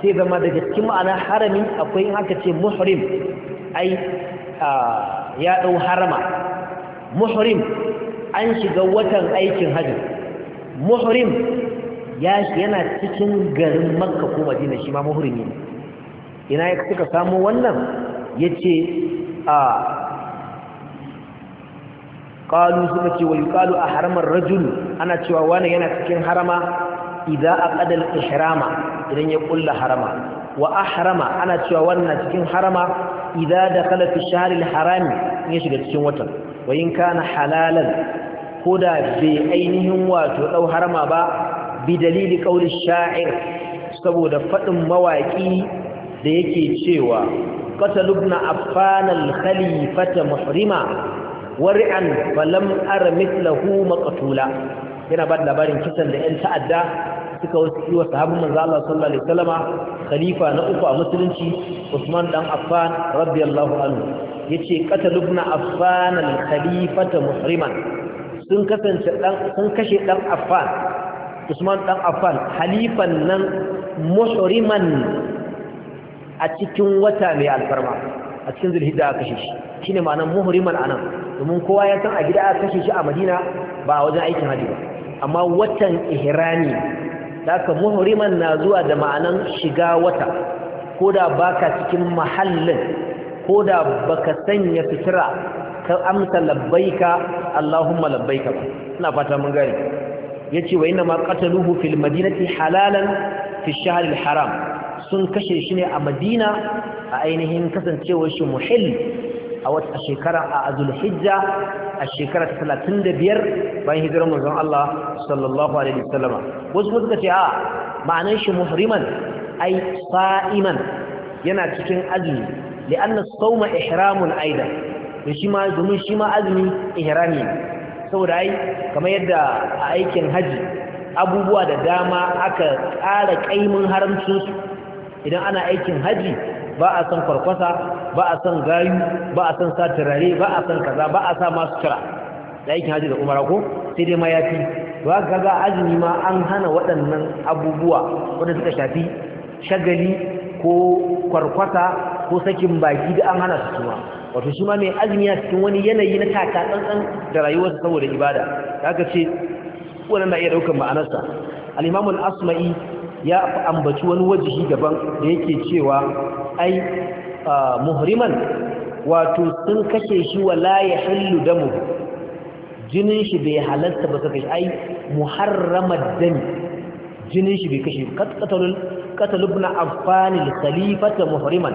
sai zama daga cikin ma'ana harami akwai in ce muhrim ai ya dau harama muhrim an shiga watan aikin hajji muhrim ya yana cikin garin makka ko madina shi ma muhrimi ne ina ya suka samu wannan yace a qalu suka ce wa yuqalu ahramar rajul ana cewa wani yana cikin harama idza aqada al-ihrama idan ya kulla harama wa ahrama ana cewa wannan cikin harama idza dakala fi shahr harami ya shiga cikin watan wa in kana halalan koda bai ainihin wato dau harama ba bi dalili qawli sha'ir saboda fadin mawaki da yake cewa qatalubna affan al-khalifata muhrima war'an falam ara mithlahu maqtula yana ba da labarin kisan da 'yan ta'adda suka wasu yi wa sahabin manzo Allah sallallahu alaihi wasallama khalifa na uku a musulunci Usman dan Affan radiyallahu anhu yace qatalubna Affan al-khalifata muhriman sun kasance dan sun kashe dan Affan Usman dan Affan halifan nan muhriman a cikin wata mai alfarma a cikin zulhijja aka kashe shi shine ma'anar muhriman anan domin kowa ya san a gida aka kashe shi a Madina ba a wajen aikin hajji ba amma watan ihrami daga muhriman na zuwa da ma'anan shiga wata ko da baka cikin mahallin ko da baka sanya fitira ka amsa labbaika Allahumma labbaika ina fata mun gari yace wa inna ma qataluhu fil madinati halalan fi shahr al haram sun kashe shi ne a madina a ainihin kasancewar shi muhall a wata shekara a azulhijja a shekara ta talatin da biyar bayan hijirar mazan Allah sallallahu alaihi wasallama wasu kuma suka ce a ma'anar shi muhriman ai sa'iman yana cikin azumi na sauma ihramun aida da shi ma domin shi ma azumi ihrami saboda ai kamar yadda a aikin haji abubuwa da dama aka ƙara ƙaimin haramcinsu idan ana aikin haji ba a san kwarkwasa ba a san gayu ba a san sa turare ba a san kaza ba a sa masu tara. da aikin haji da umara ko sai dai mayafi ba kaga azumi ma an hana waɗannan abubuwa wanda suka shafi shagali ko kwarkwata ko sakin baki da an hana su kuma wato shi ma mai azumi a cikin wani yanayi na taka tsantsan da rayuwarsa saboda ibada da aka ce wannan na iya daukar ma'anarsa al asmai ya ambaci wani wajihi daban da yake cewa ai muhriman wato sun kashe shi wa ya hillu damu jinin shi bai halarta ba suka shi ai muharramad dami jinin shi bai kashe katalul katalu ibn affan al-khalifata muhriman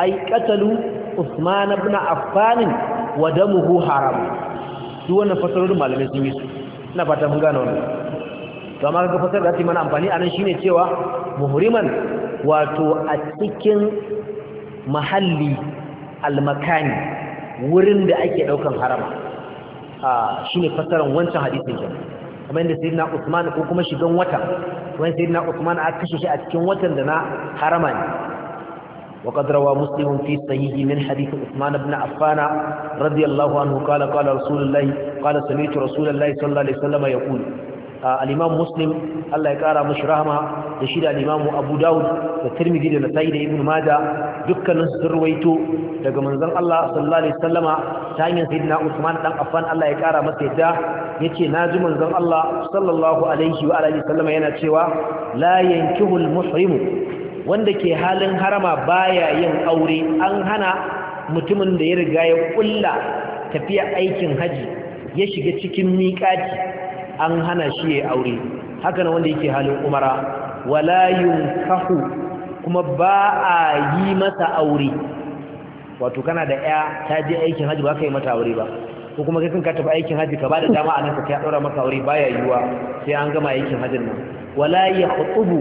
ai katalu usman ibn affan wa damuhu haram Su wannan fasarorin malamai sun yi su ina fata mun gane wannan to amma kaga fasarar da ta mana amfani a anan shine cewa muhriman wato a cikin mahalli almakani wurin da ake daukan harama shine fasaran wancan hadisin kenan kuma inda sayyidina Usman ko kuma shigan wata wani sayyidina Usman a kashe shi a cikin watan da na harama ne وقد روى مسلم في صحيحه من حديث عثمان بن عفان رضي الله عنه قال قال رسول الله قال سمعت رسول الله صلى al-imam muslim Allah ya kara mashi rahama da shi da al-imam abu Dawud, da tirmidhi da nasa'i da ibn majah dukkanin su ruwaito daga manzon Allah sallallahu alaihi wasallama ta hanyar sayyidina usman dan affan Allah ya kara masa yadda yace naji manzon Allah sallallahu alaihi wa alihi wasallama yana cewa la yankihu al-muhrim wanda ke halin harama baya yin aure an hana mutumin da ya riga ya kulla tafiya aikin haji ya shiga cikin miƙati an hana shi ya aure haka wanda yake halin umara wala yunkahu kuma ba a yi masa aure wato kana da ya ta je aikin haji ba ka yi mata aure ba ko kuma kai kanka tafi aikin haji ka ba da dama a nan ka ta daura maka aure baya yiwa sai an gama aikin hajin nan wala yaqubu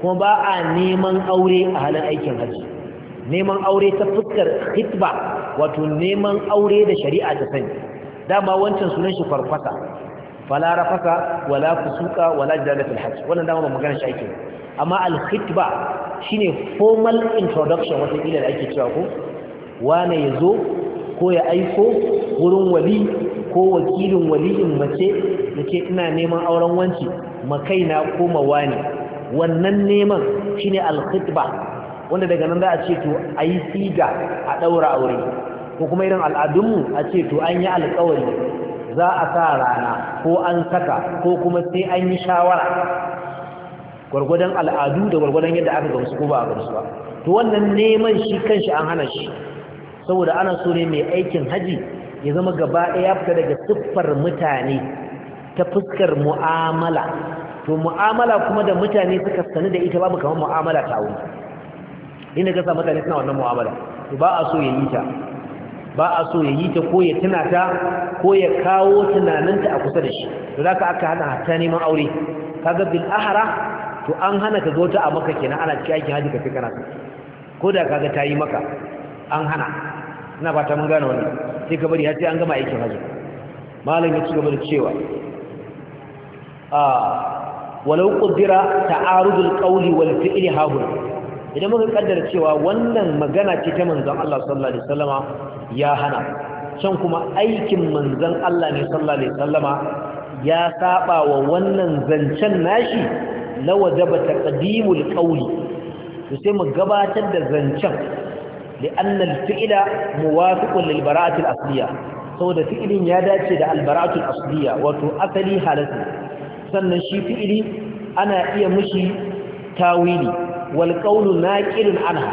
kuma ba a neman aure a halin aikin haji neman aure ta fuskar hitba wato neman aure da shari'a ta sani dama wancan sunan shi farfasa fala rafaka wala fusuka wala jalatul hajj wannan dama ban magana shi ake amma al-khitba shine formal introduction wata kila da ake cewa ko wane yazo ko ya aiko wurin wali ko wakilin waliyin mace yake ina neman auren wanci makaina ko mawani wannan neman shine al-khitba wanda daga nan za a ce to ayi siga a daura aure ko kuma irin al'adunmu a ce to an yi alƙawari za a sa rana ko an saka ko kuma sai an yi shawara gwargwadon al'adu da gwargwadon yadda aka gamsu ko ba a gamsu ba to wannan neman shi kanshi an hana shi saboda ana so ne mai aikin haji ya zama gaba ɗaya ya fita daga siffar mutane ta fuskar mu'amala to mu'amala kuma da mutane suka sani da ita babu kamar mu'amala ta wuri ina ka sa mutane suna wannan mu'amala to ba a so ya yi ta ba a so ya yi ta ko ya tuna ta ko ya kawo tunaninta a kusa da shi to za ka aka hana hatta neman aure kaga bil ahara to an hana ka zo ta a maka kenan ana cikin aikin haji ka fi kana ko da kaga ta yi maka an hana ina ba ta mun gane wannan sai ka bari har sai an gama aikin haji malam ya ci gaba da cewa a ah, walau qaddara ta'arudul qawli wal fi'li hahuna idan muka kaddara cewa wannan magana ce ta manzon Allah sallallahu alaihi wasallama ya hana can kuma aikin manzon Allah ne sallallahu alaihi wasallama ya saba wa wannan zancen nashi na wajaba taqdimul qawli to sai mu gabatar da zancen لأن الفعل موافق للبراءة الأصلية saboda fi'ilin ya dace da albara'atul asliya wato asali halatta sannan shi fi'ili ana iya mushi tawili wal qawlu naqilun anha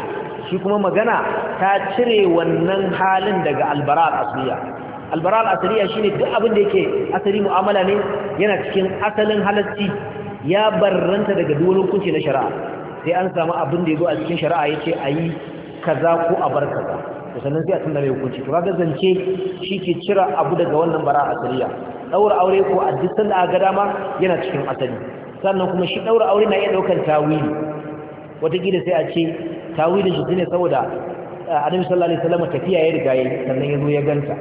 shi kuma magana ta cire wannan halin daga albara al-asliya albara al-asliya shine duk abin da yake asali mu'amala ne yana cikin asalin halacci ya barranta daga duk wani hukunci na shari'a sai an samu abin da yazo a cikin shari'a yace ayi kaza ko a bar kaza to sannan sai a tunda mai hukunci to kaga zance shi ke cira abu daga wannan bara asaliya daura aure ko a duk sanda ga dama yana cikin asali sannan kuma shi daura aure na iya ɗaukar tawili watakila sai a ce tawilin shi ne saboda annabi sallallahu alaihi wasallam tafiya ya riga yayi sannan ya zo ya ganta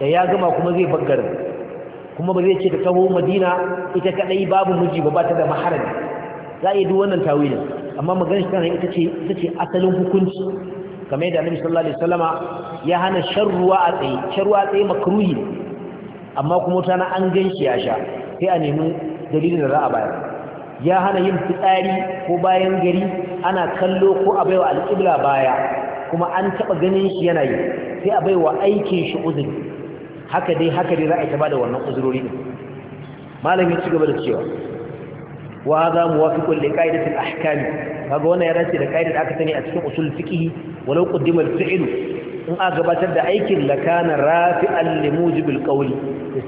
da ya gama kuma zai baggar kuma ba zai ce ta taho madina ita kadai babu miji ba ba ta da maharami za a yi duk wannan tawilin amma maganar shi tana ita ce ita ce asalin hukunci kamar yadda annabi sallallahu alaihi wasallama ya hana sharruwa a tsaye sharruwa a tsaye makruhi amma kuma ta na an ganshi ya sha sai a nemi dalilin da za a bayar ya hana yin fitsari ko bayan gari ana kallo ko a baiwa alƙibla baya kuma an taɓa ganin shi yana yi sai a baiwa aikin shi uzuri haka dai haka dai za a taɓa da wannan uzurori ne malam ya ci gaba da cewa wa za mu wafi kulle ƙa'idatul ahkami kaga wannan ya dace da ƙa'idar aka sani a cikin usul fiqh walau qaddima al in a gabatar da aikin lakana rafi'an li mujibil qawli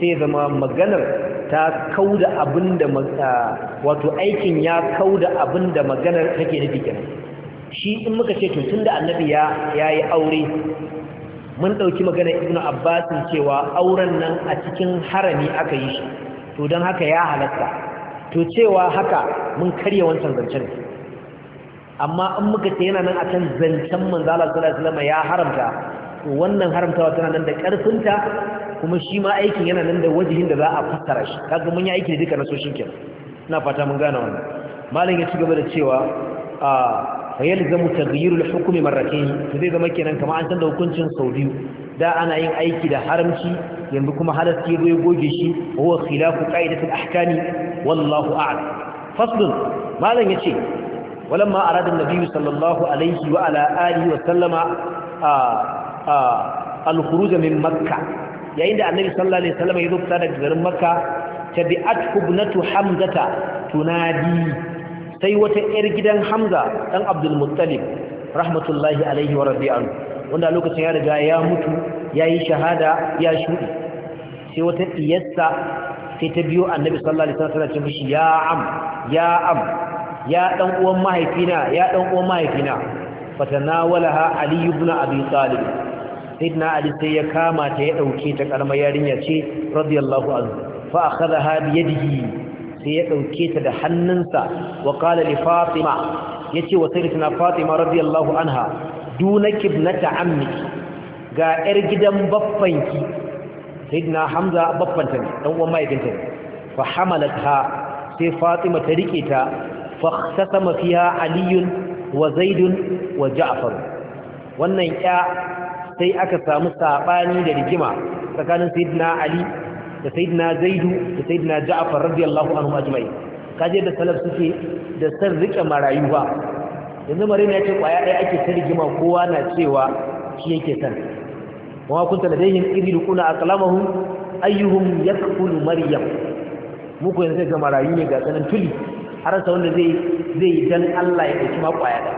sai zama maganar ta da abin da wato aikin ya kauda abin da maganar take nufi kenan shi in muka ce tun da annabi ya yayi aure mun dauki maganar ibnu abbas cewa auren nan a cikin harami aka yi shi to dan haka ya halatta to cewa haka mun karya wancan zancen amma in muka ce yana nan akan zancen manzala sallallahu alaihi wasallam ya haramta wannan haramtawa tana nan da karfinta kuma shi ma aikin yana nan da wajihin da za a fassara shi kaga mun yi aiki da duka nasoshin kenan ina fata mun gane wannan malam ya ci gaba da cewa a fayal zamu taghyirul hukmi marratayn to zai zama kenan kamar an san da hukuncin sau biyu da ana yin aiki da haramci yanzu kuma halarci ya goye goge shi huwa khilafu qa'idatil ahkami wallahu a'lam faslun malam yace walamma arada an-nabi sallallahu alaihi wa ala alihi wa sallama a a al-khuruj min makkah yayin da annabi sallallahu alaihi wasallam ya zo fita daga garin makka tabi'at ibnatu hamzata tunadi sai wata yar gidan hamza dan abdul muttalib rahmatullahi alaihi wa radiyallahu wanda lokacin ya riga ya mutu yayi shahada ya shudi sai wata iyassa sai ta biyo annabi sallallahu alaihi wasallam ta mishi ya am ya am ya dan uwan mahaifina ya dan uwan mahaifina fatanawalaha ali ibn abi talib na ali sai ya kama ta ya dauke ta karma yarinya ce radiyallahu anhu fa akhadha bi yadihi sai ya dauke ta da hannunsa wa qala li fatima yace wa sayyidatina fatima radiyallahu anha dunaki ibnata ammiki ga yar gidan baffanki sayyidina hamza baffanta ne dan uwan mahaifinta ne fa hamalatha sai fatima ta rike ta fa khasama fiha wa zaidun wannan ya sai aka samu saɓani da rigima tsakanin sayyidina ali da sayyidina zaidu da sayyidina ja'far radiyallahu anhu ajma'in kaje da salaf suke da san rike marayu ba yanzu marina yace kwaya ɗaya ake ta rigima kowa na cewa shi yake san wa kunta ladayhim idh yulquna aqlamahum ayyuhum yakfulu maryam muku yanzu ga marayu ne ga sanan tuli har sa wanda zai zai dan Allah ya dauki ma kwaya da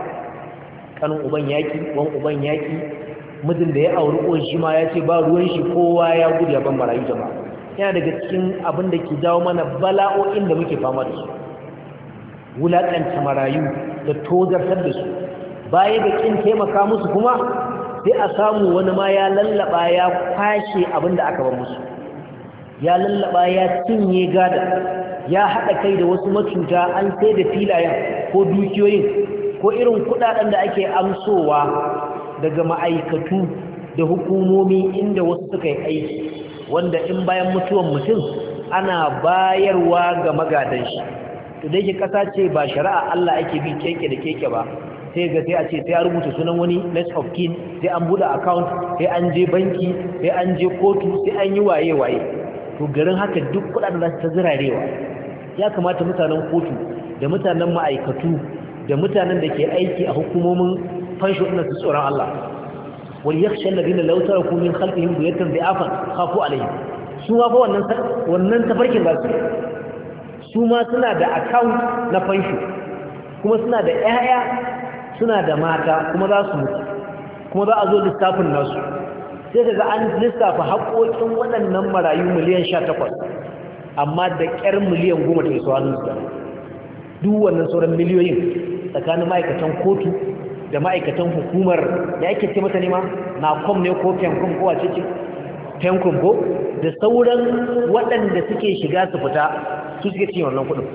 kanin uban yaki wan uban yaki mijin da ya auri uwan shi ma ya ce ba ruwan shi kowa ya gudu ya ban marayu jama'a yana daga cikin abin da ke jawo mana bala'o'in da muke fama da su wulaƙanta marayu da tozartar da su baya da ƙin taimaka musu kuma sai a samu wani ma ya lallaba ya kwashe abin da aka ba musu ya lallaba ya cinye gada ya haɗa kai da wasu macuta an sai da filayen ko dukiyoyin ko irin kuɗaɗen da ake amsowa daga ma'aikatu da hukumomi inda wasu suka yi aiki wanda in bayan mutuwan mutum ana bayarwa ga magadan shi to dai ke kasa ce ba shari'a Allah ake bi keke da keke ba sai ga sai a ce sai a rubuta sunan wani list of kin sai an bude account sai an je banki sai an je kotu sai an yi waye waye to garin haka duk kudaden da ta zirarewa ya kamata mutanen kotu da mutanen ma'aikatu da mutanen da ke aiki a hukumomin fanshu ina su tsoron Allah wani wal yakhsha alladhina law taraku min khalfihim dhurriyatan dha'afan khafu alayhim su ma fa wannan wannan tafarkin da su su ma suna da akawun na fanshu kuma suna da ƴaƴa suna da mata kuma za su mutu kuma za a zo lissafin nasu sai daga an lissafa haƙoƙin waɗannan marayu miliyan sha takwas, amma da ƙyar miliyan goma ta iso hannun su duk wannan sauran miliyoyin tsakanin ma'aikatan kotu da ma'aikatan hukumar da ake ce mata nema na kom ne ko fenkum ko a cikin fenkum ko da sauran waɗanda suke shiga su fita su suke cikin wannan kuɗin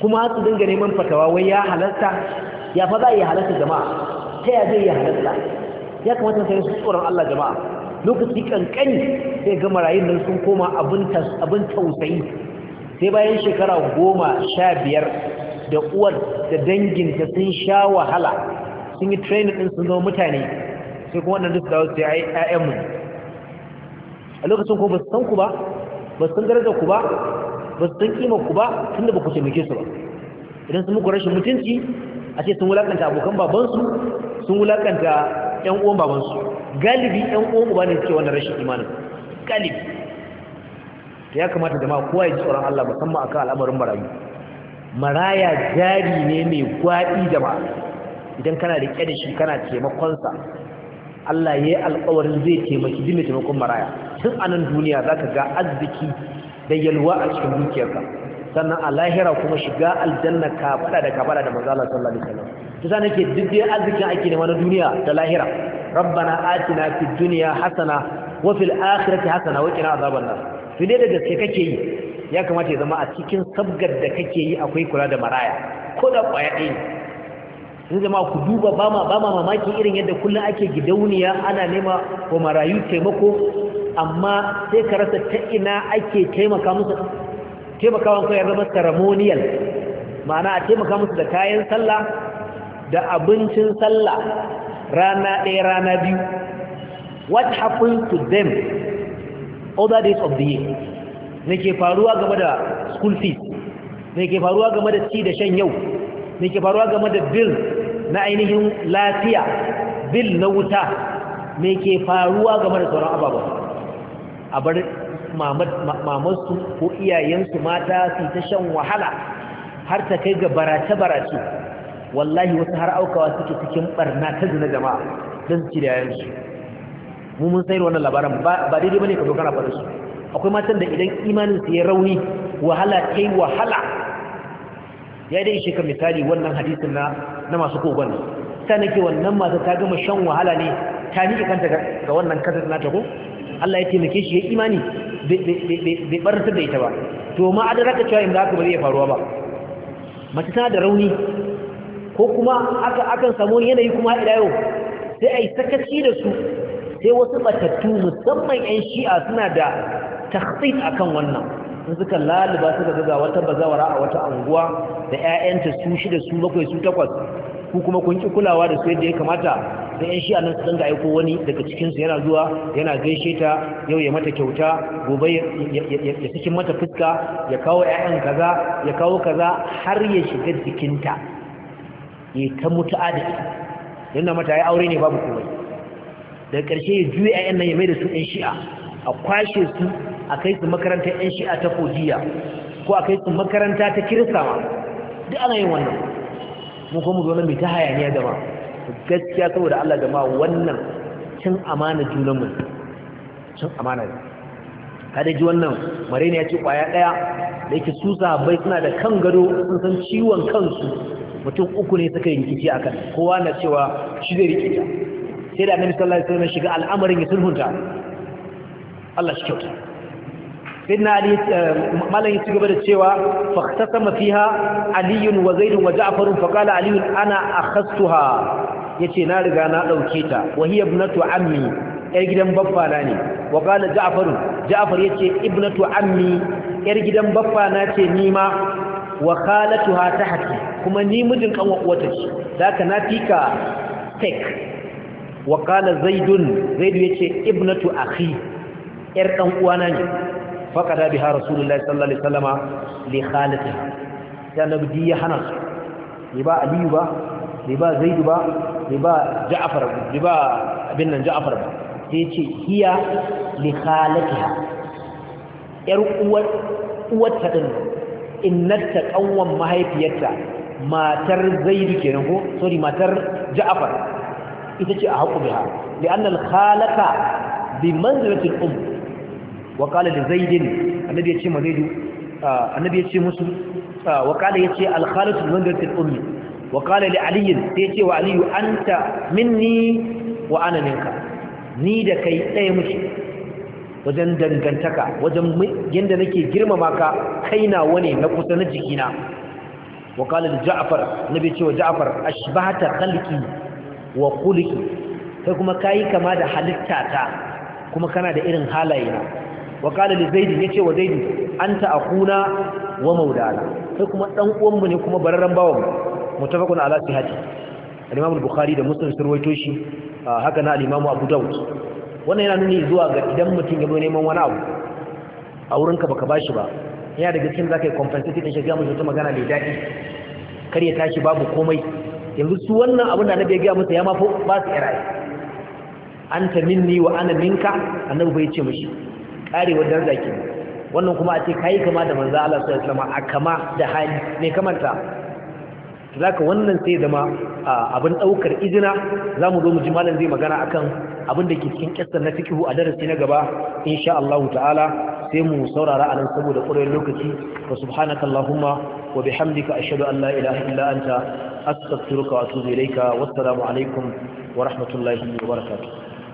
kuma su dinga neman fatawa wai ya halarta ya fa za a yi halarta jama'a ta ya zai yi halarta ya kamata sai su tsoron Allah jama'a lokaci kankani sai ga marayun nan sun koma abin tausayi sai bayan shekara goma sha biyar da uwar da danginta sun sha wahala sun yi training din sun zama mutane sai kuma wannan duk sai ya yi ‘ya'yanmu a lokacin ko ba su san ku ba ba san darajar ku ba ba su san kima ku ba tun da ba ku taimake su ba idan sun muku rashin mutunci a ce sun wulakanta abokan babansu sun wulakanta ‘yan uwan babansu galibi ‘yan uwan uba ne suke wannan rashin imanin galibi ya kamata jama'a kowa ya ji tsoron Allah musamman akan al'amarin marayu maraya jari ne mai gwaɗi da ba idan kana riƙe da shi kana taimakonsa Allah ya yi alƙawarin zai taimaki dimi taimakon maraya tun a nan duniya za ka ga arziki da yalwa a cikin dukiyarka sannan a lahira kuma shiga aljanna kafaɗa da kafaɗa da manzala sallallahu alaihi wasallam ta nake duk dai arzikin ake nema na duniya da lahira rabbana atina fid dunya hasana wa fil akhirati hasana wa qina azaban nar fi da gaske kake yi ya kamata ya zama a cikin sabgar da kake yi akwai kula da maraya ko da kwaya ɗaya sun zama ku duba ba ma mamaki irin yadda kullum ake gidauniya ana nema wa marayu taimako amma sai ka rasa ta ina ake taimaka musu taimakawan kawai zama ceremonial ma'ana a taimaka musu da kayan sallah da abincin sallah rana ɗaya rana biyu what happened to them other days of the year me ke faruwa game da school fees me ke faruwa game da ci da shan yau me ke faruwa game da bill na ainihin lafiya bill na wuta me ke faruwa game da sauran ababa a bar mamansu ko iyayensu mata su ta shan wahala har ta kai ga barace-barace wallahi wasu har aukawa suke cikin barna ta zina jama'a don su ci da yayansu mu mun sayar wannan labaran ba daidai ba ne ka zo kana faɗa su akwai matan da idan imanin su ya rauni wahala ta yi wahala ya dai shi ka misali wannan hadisun na masu kogon ta nake wannan masu ta gama shan wahala ne ta miƙe kanta ga wannan kasar na tako ko Allah ya taimake shi ya imani bai barantar da ita ba to ma adaraka cewa inda aka ba zai faruwa ba mace tana da rauni ko kuma akan samu yanayi kuma ila yau sai a yi sakaci da su sai wasu matattu musamman 'yan shi'a suna da a akan wannan sun suka laluba suka ga wata bazawara a wata anguwa da ƴaƴanta su shida su bakwai su takwas ku kuma kun ki kulawa da su yadda ya kamata da ƴan shi nan su dinga aiko wani daga cikin su yana zuwa yana gaishe ta yau ya mata kyauta gobe ya cikin mata fuska ya kawo ƴaƴan kaza ya kawo kaza har ya shiga jikinta ya ta mutu adadi ita yana mata ya aure ne babu komai daga ƙarshe ya juya ƴaƴan nan ya mai da su ƴan shi'a a kwashe su a kai su makarantar 'yan shi'a ta fodiya ko a kai su makaranta ta kiristawa duk ana yin wannan mun kuma zo mai ta hayaniya gama gaskiya saboda Allah gama wannan cin amana junanmu cin amana ne kada ji wannan marina ya ce kwaya daya da yake su sahabbai suna da kan gado sun san ciwon kansu mutum uku ne suka yi rikici akan kowa na cewa shi zai rikici sai da annabi sallallahu alaihi wasallam shiga al'amarin ya sulhunta Allah shi kyauta sayyidina ali eh, malam ya cigaba da cewa fa khasama fiha ali wa zaid wa ja'far fa qala ali ana akhastuha yace na riga na dauke ta wa hiya ibnatu ammi yar gidan babba na ne wa qala ja'far ja'far yace ibnatu ammi yar gidan babba na ce ni ma wa khalatuha tahti kuma ni mijin kanwa uwata ce zaka na fika tek wa qala zaidun zaidu yace ibnatu akhi ƴar ɗan uwana ne faƙada biha rasulullahi sallallahu alaihi wasallama li khalatiha sai annabi ya hana su ba aliyu ba bai ba zaidu ba bai ba ja'far bai ba abin nan ja'far ba sai ce hiya li khalatiha yar uwar uwar ta din innata kanwan mahaifiyarta matar zaidu kenan ko sorry matar ja'far ita ce a haƙu biha li'anna al-khalata bi manzilati al-um wa qala da zaidin annabi ya ce ma zaidu annabi ya ce musu wa qala ya ce al khalatu ummi wa da li ali sai ya ce wa ali anta minni wa ananinka, ni da kai ɗaya muke wajen dangantaka wajen yadda nake girmama ka kai na wane na kusa na jikina wa qala li ja'far nabi ce wa ja'far ashbahata khalqi wa khuluqi kai kuma kayi kama da halitta ta, kuma kana da irin halayena wa qala li zaid yace wa zaid anta akuna wa maulana sai kuma dan uwan mu ne kuma bararran bawan mutafaqun ala sihati al-imam al-bukhari da muslim sun rawaito shi haka na al-imam abu daud wannan yana nuni zuwa ga idan mutum ya zo neman wani abu a wurin wurinka baka bashi ba yana daga cikin zaka yi compensate da shiga mutum ta magana mai daɗi kar ya tashi babu komai yanzu su wannan abin da annabi ya gaya musu ya ma ba su iraye anta minni wa ana minka annabi bai ce mishi karewar daraja wannan kuma a ce kayi kama da manza Allah sallallahu a kama da hali ne kamanta ka wannan sai zama abin daukar izina za mu zo mu ji malam zai magana akan abin da ke cikin kissar na fikihu a darasi na gaba insha Allah ta'ala sai mu saurara anan saboda ƙurewar lokaci wa subhanaka allahumma wa bihamdika ashhadu an la ilaha illa anta astaghfiruka wa atubu ilayka wassalamu alaikum wa rahmatullahi wa barakatuh